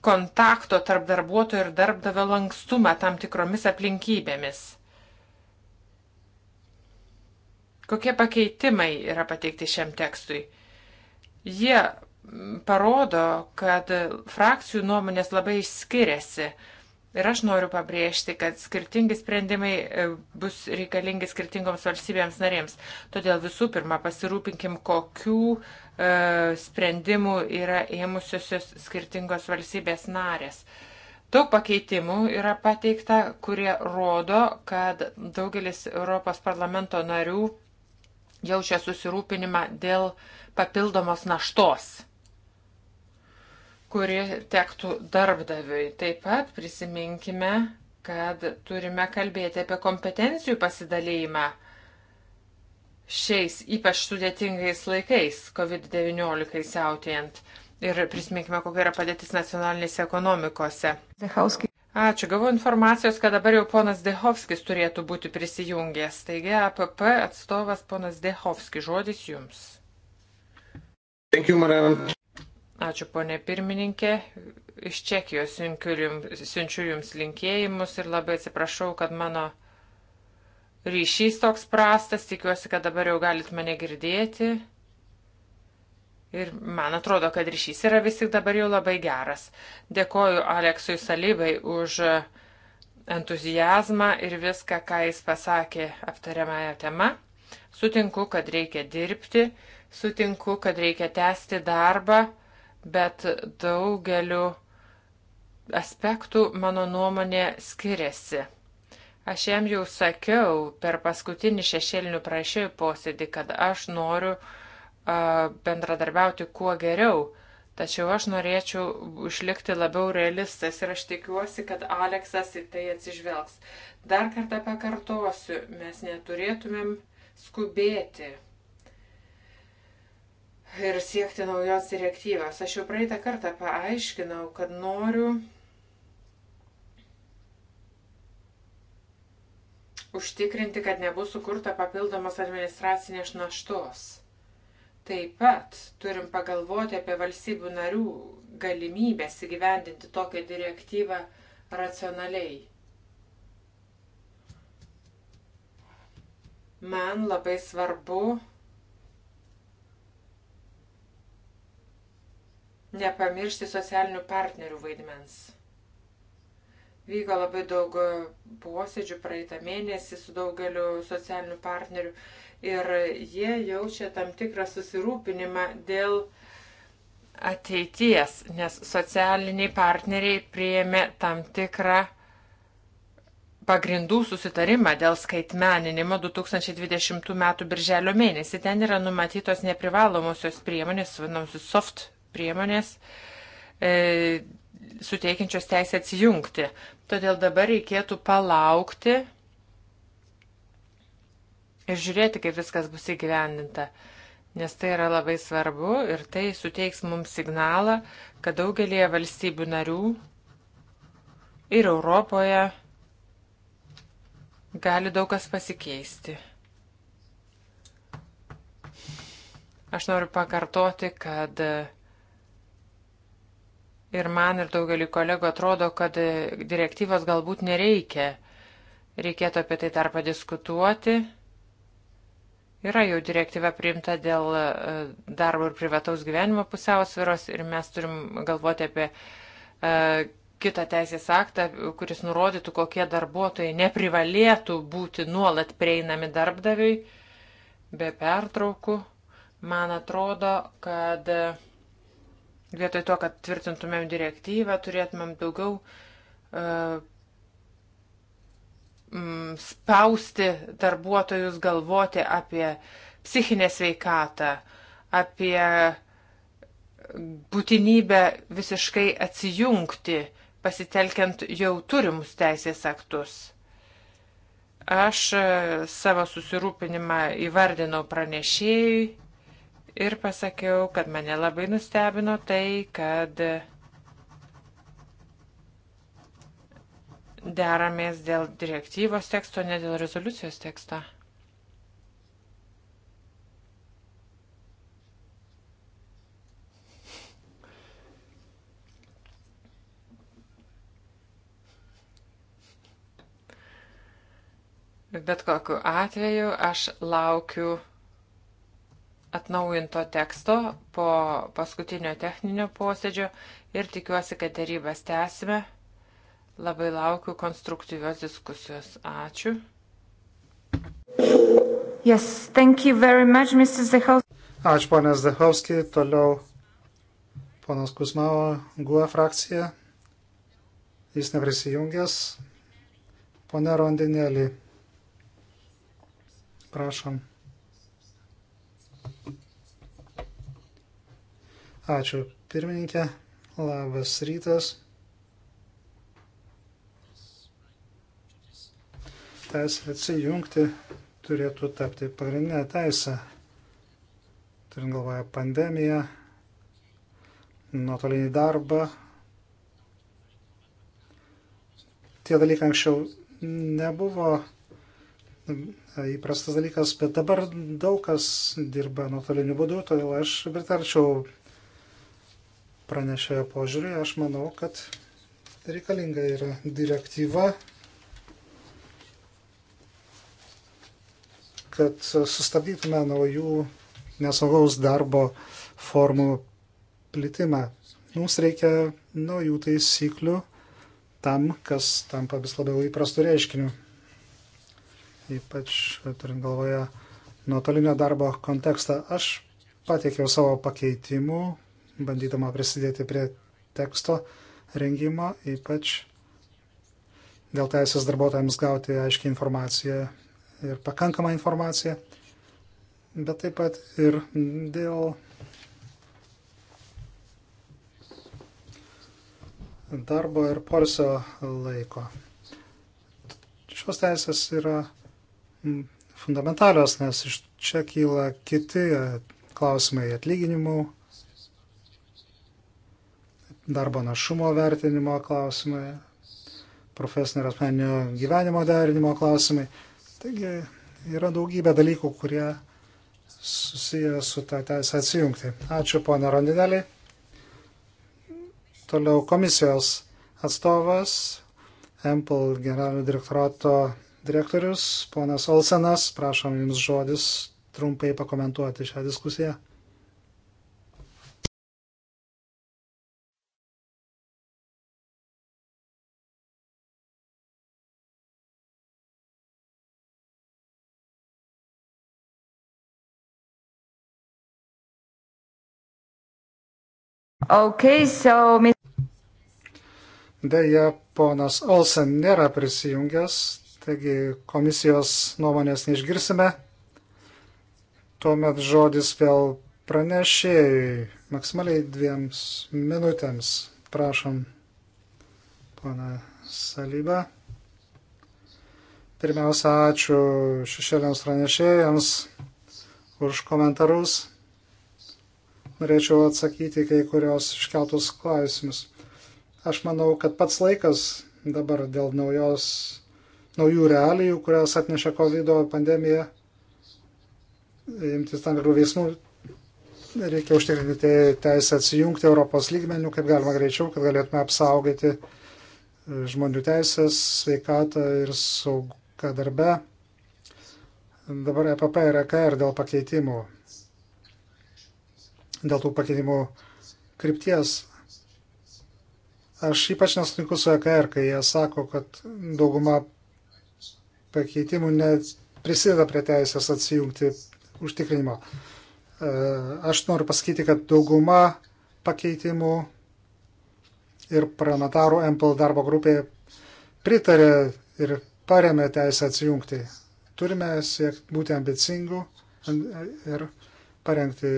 kontakto tarp darbuotojo ir darbdavio lankstumą tam tikromis aplinkybėmis. Kokie pakeitimai yra pateikti šiam tekstui? Jie parodo, kad frakcijų nuomonės labai išskiriasi. Ir aš noriu pabrėžti, kad skirtingi sprendimai e, bus reikalingi skirtingoms valstybėms narėms. Todėl visų pirma pasirūpinkim, kokių e, sprendimų yra ėmusiosios skirtingos valstybės narės. Daug pakeitimų yra pateikta, kurie rodo, kad daugelis Europos parlamento narių jaučia susirūpinimą dėl papildomos naštos kuri tektų darbdaviui. Taip pat prisiminkime, kad turime kalbėti apie kompetencijų pasidalėjimą šiais ypač sudėtingais laikais, COVID-19 siautėjant. Ir prisiminkime, kokia yra padėtis nacionalinėse ekonomikose. Dehovski. Ačiū, gavau informacijos, kad dabar jau ponas Dehovskis turėtų būti prisijungęs. Taigi, APP atstovas ponas Dehovskis, žodis jums. Thank you, madam. Ačiū, ponė pirmininkė. Iš Čekijos siunčiu jums linkėjimus ir labai atsiprašau, kad mano ryšys toks prastas. Tikiuosi, kad dabar jau galit mane girdėti. Ir man atrodo, kad ryšys yra vis tik dabar jau labai geras. Dėkoju Aleksui Salybai už entuzijazmą ir viską, ką jis pasakė aptariamąją temą. Sutinku, kad reikia dirbti, sutinku, kad reikia tęsti darbą bet daugeliu aspektų mano nuomonė skiriasi. Aš jam jau sakiau per paskutinį šešėlinių prašėjų posėdį, kad aš noriu a, bendradarbiauti kuo geriau, tačiau aš norėčiau išlikti labiau realistas ir aš tikiuosi, kad Aleksas į tai atsižvelgs. Dar kartą pakartosiu, mes neturėtumėm skubėti ir siekti naujos direktyvos. Aš jau praeitą kartą paaiškinau, kad noriu užtikrinti, kad nebus sukurta papildomas administracinės naštos. Taip pat turim pagalvoti apie valstybių narių galimybės įgyvendinti tokią direktyvą racionaliai. Man labai svarbu nepamiršti socialinių partnerių vaidmens. Vyko labai daug e, posėdžių praeitą mėnesį su daugeliu socialinių partnerių ir jie jaučia tam tikrą susirūpinimą dėl ateities, nes socialiniai partneriai prieėmė tam tikrą pagrindų susitarimą dėl skaitmeninimo 2020 m. birželio mėnesį. Ten yra numatytos neprivalomosios priemonės, vadinamosios soft priemonės e, suteikiančios teisę atsijungti. Todėl dabar reikėtų palaukti ir žiūrėti, kaip viskas bus įgyvendinta. Nes tai yra labai svarbu ir tai suteiks mums signalą, kad daugelie valstybių narių ir Europoje gali daug kas pasikeisti. Aš noriu pakartoti, kad Ir man ir daugelį kolegų atrodo, kad direktyvos galbūt nereikia. Reikėtų apie tai dar padiskutuoti. Yra jau direktyva priimta dėl e, darbo ir privataus gyvenimo pusiausviros ir mes turim galvoti apie e, kitą teisės aktą, kuris nurodytų, kokie darbuotojai neprivalėtų būti nuolat prieinami darbdaviui be pertraukų. Man atrodo, kad Vietoj to, kad tvirtintumėm direktyvą, turėtumėm daugiau uh, spausti darbuotojus galvoti apie psichinę sveikatą, apie būtinybę visiškai atsijungti, pasitelkiant jau turimus teisės aktus. Aš e, savo susirūpinimą įvardinau pranešėjui ir pasakiau, kad mane labai nustebino tai, kad deramės dėl direktyvos teksto, ne dėl rezoliucijos teksto. Bet kokiu atveju aš laukiu atnaujinto teksto po paskutinio techninio posėdžio ir tikiuosi, kad darybas tęsime. Labai laukiu konstruktyvios diskusijos. Ačiū. Yes, thank you very much, Mrs. Zehovski. Ačiū, ponės Zehovski. Toliau ponas Kusmao, GUE frakcija. Jis neprisijungęs. Pone Rondinėlį. Prašom. Ačiū pirmininkė, labas rytas. Teisė atsijungti turėtų tapti pagrindinę teisę, turint galvoje pandemiją, nuotolinį darbą. Tie dalykai anksčiau nebuvo įprastas dalykas, bet dabar daug kas dirba nuotoliniu būdu, todėl aš pritarčiau pranešėjo požiūrį, aš manau, kad reikalinga yra direktyva, kad sustabdytume naujų nesaugaus darbo formų plitimą. Mums reikia naujų taisyklių tam, kas tampa vis labiau įprastų reiškinių. Ypač turint galvoje nuotolinio darbo kontekstą. Aš pateikiau savo pakeitimų bandydama prisidėti prie teksto rengimo, ypač dėl teisės darbuotojams gauti aiškiai informaciją ir pakankamą informaciją, bet taip pat ir dėl darbo ir porsio laiko. Šios teisės yra fundamentalios, nes iš čia kyla kiti klausimai atlyginimų, darbo našumo vertinimo klausimai, profesinio ir asmeninio gyvenimo derinimo klausimai. Taigi yra daugybė dalykų, kurie susiję su tą teisę atsijungti. Ačiū ponia Rondinelį. Toliau komisijos atstovas, Ample generalinio direktorato direktorius, ponas Olsenas, prašom Jums žodis trumpai pakomentuoti šią diskusiją. Okay, so... Deja, ponas Olsen nėra prisijungęs, taigi komisijos nuomonės neišgirsime. Tuomet žodis vėl pranešėjai, maksimaliai dviems minutėms. Prašom, pana Salyba. Pirmiausia, ačiū šešėliams pranešėjams už komentarus norėčiau atsakyti kai kurios iškeltus klausimus. Aš manau, kad pats laikas dabar dėl naujos, naujų realijų, kurias atneša COVID pandemija, imtis tam tikrų veiksmų. Reikia užtikrinti teisę atsijungti Europos lygmenių, kaip galima greičiau, kad galėtume apsaugoti žmonių teisės, sveikatą ir saugą darbe. Dabar EPP ir EKR dėl pakeitimų dėl tų pakeitimų krypties. Aš ypač nesutinku su EKR, kai jie sako, kad dauguma pakeitimų prisideda prie teisės atsijungti užtikrinimo. E, aš noriu pasakyti, kad dauguma pakeitimų ir parlamentarų MPL darbo grupė pritarė ir paremė teisę atsijungti. Turime siekti būti ambicingų ir parengti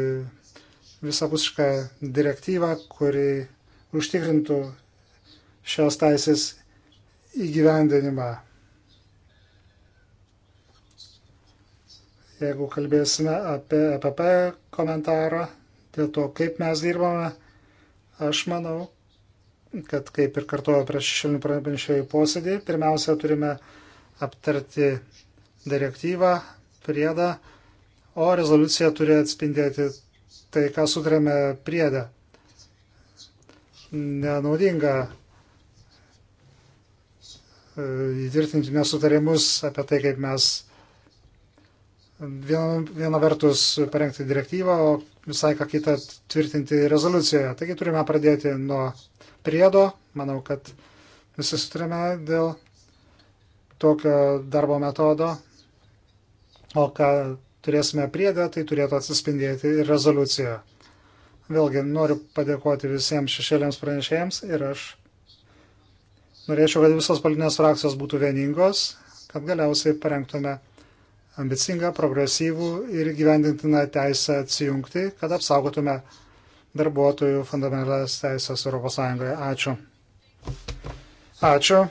visapusišką direktyvą, kuri užtikrintų šios teisės įgyvendinimą. Jeigu kalbėsime apie EPP komentarą dėl to, kaip mes dirbame, aš manau, kad kaip ir kartuoju prieš šešėlinių pranešėjų posėdį, pirmiausia turime aptarti direktyvą, priedą, o rezoliucija turi atspindėti tai, ką sutarėme priedę. Nenaudinga e, įtvirtinti nesutarimus apie tai, kaip mes viena, viena vertus parengti direktyvą, o visai ką kitą tvirtinti rezoliucijoje. Taigi turime pradėti nuo priedo. Manau, kad visi sutarėme dėl tokio darbo metodo. O ką turėsime priedą, tai turėtų atsispindėti ir rezoliucijoje. Vėlgi noriu padėkoti visiems šešėliams pranešėjams ir aš norėčiau, kad visos politinės frakcijos būtų vieningos, kad galiausiai parengtume ambicingą, progresyvų ir gyvendintiną teisę atsijungti, kad apsaugotume darbuotojų fundamentalias teisės ES. Ačiū. Ačiū.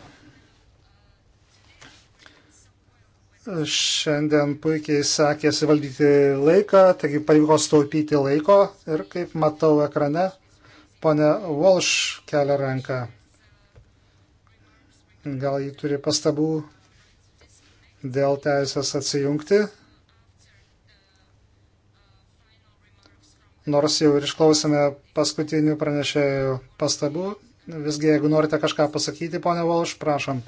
šiandien puikiai sekėsi valdyti laiką, taigi pavyko staupyti laiko ir kaip matau ekrane, ponė Walsh kelia ranką. Gal jį turi pastabų dėl teisės atsijungti? Nors jau ir išklausėme paskutinių pranešėjų pastabų, visgi jeigu norite kažką pasakyti, ponė Walsh, prašom.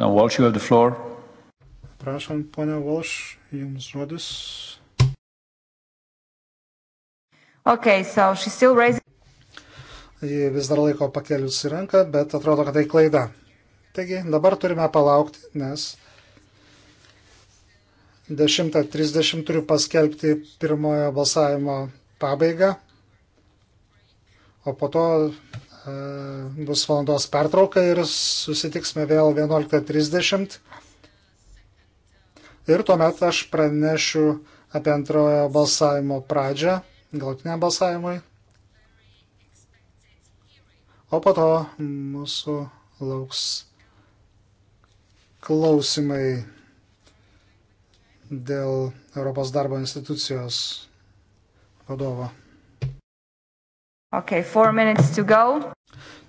Now, Walsh, you have the floor. Prašom, ponia Walsh, jums žodis. Okay, so she's still raising. Ji vis dar laiko pakeliusi ranką, bet atrodo, kad tai klaida. Taigi, dabar turime palaukti, nes 10.30 turiu paskelbti pirmojo balsavimo pabaigą, o po to E, bus valandos pertrauka ir susitiksime vėl 11.30. Ir tuomet aš pranešiu apie antrojo balsavimo pradžią, galutiniam balsavimui. O po to mūsų lauks klausimai dėl Europos darbo institucijos vadovo. Okay, four minutes to go.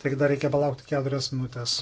Taigi dar reikia palaukti keturias minutės.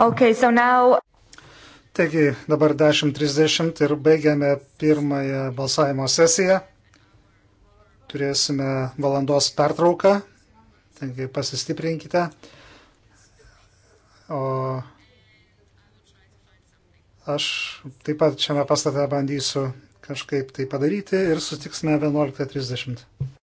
Okay, so now... Taigi dabar 10.30 ir baigiame pirmąją balsavimo sesiją. Turėsime valandos pertrauką, taigi pasistiprinkite. O aš taip pat šiame pastate bandysiu kažkaip tai padaryti ir sutiksime 11.30.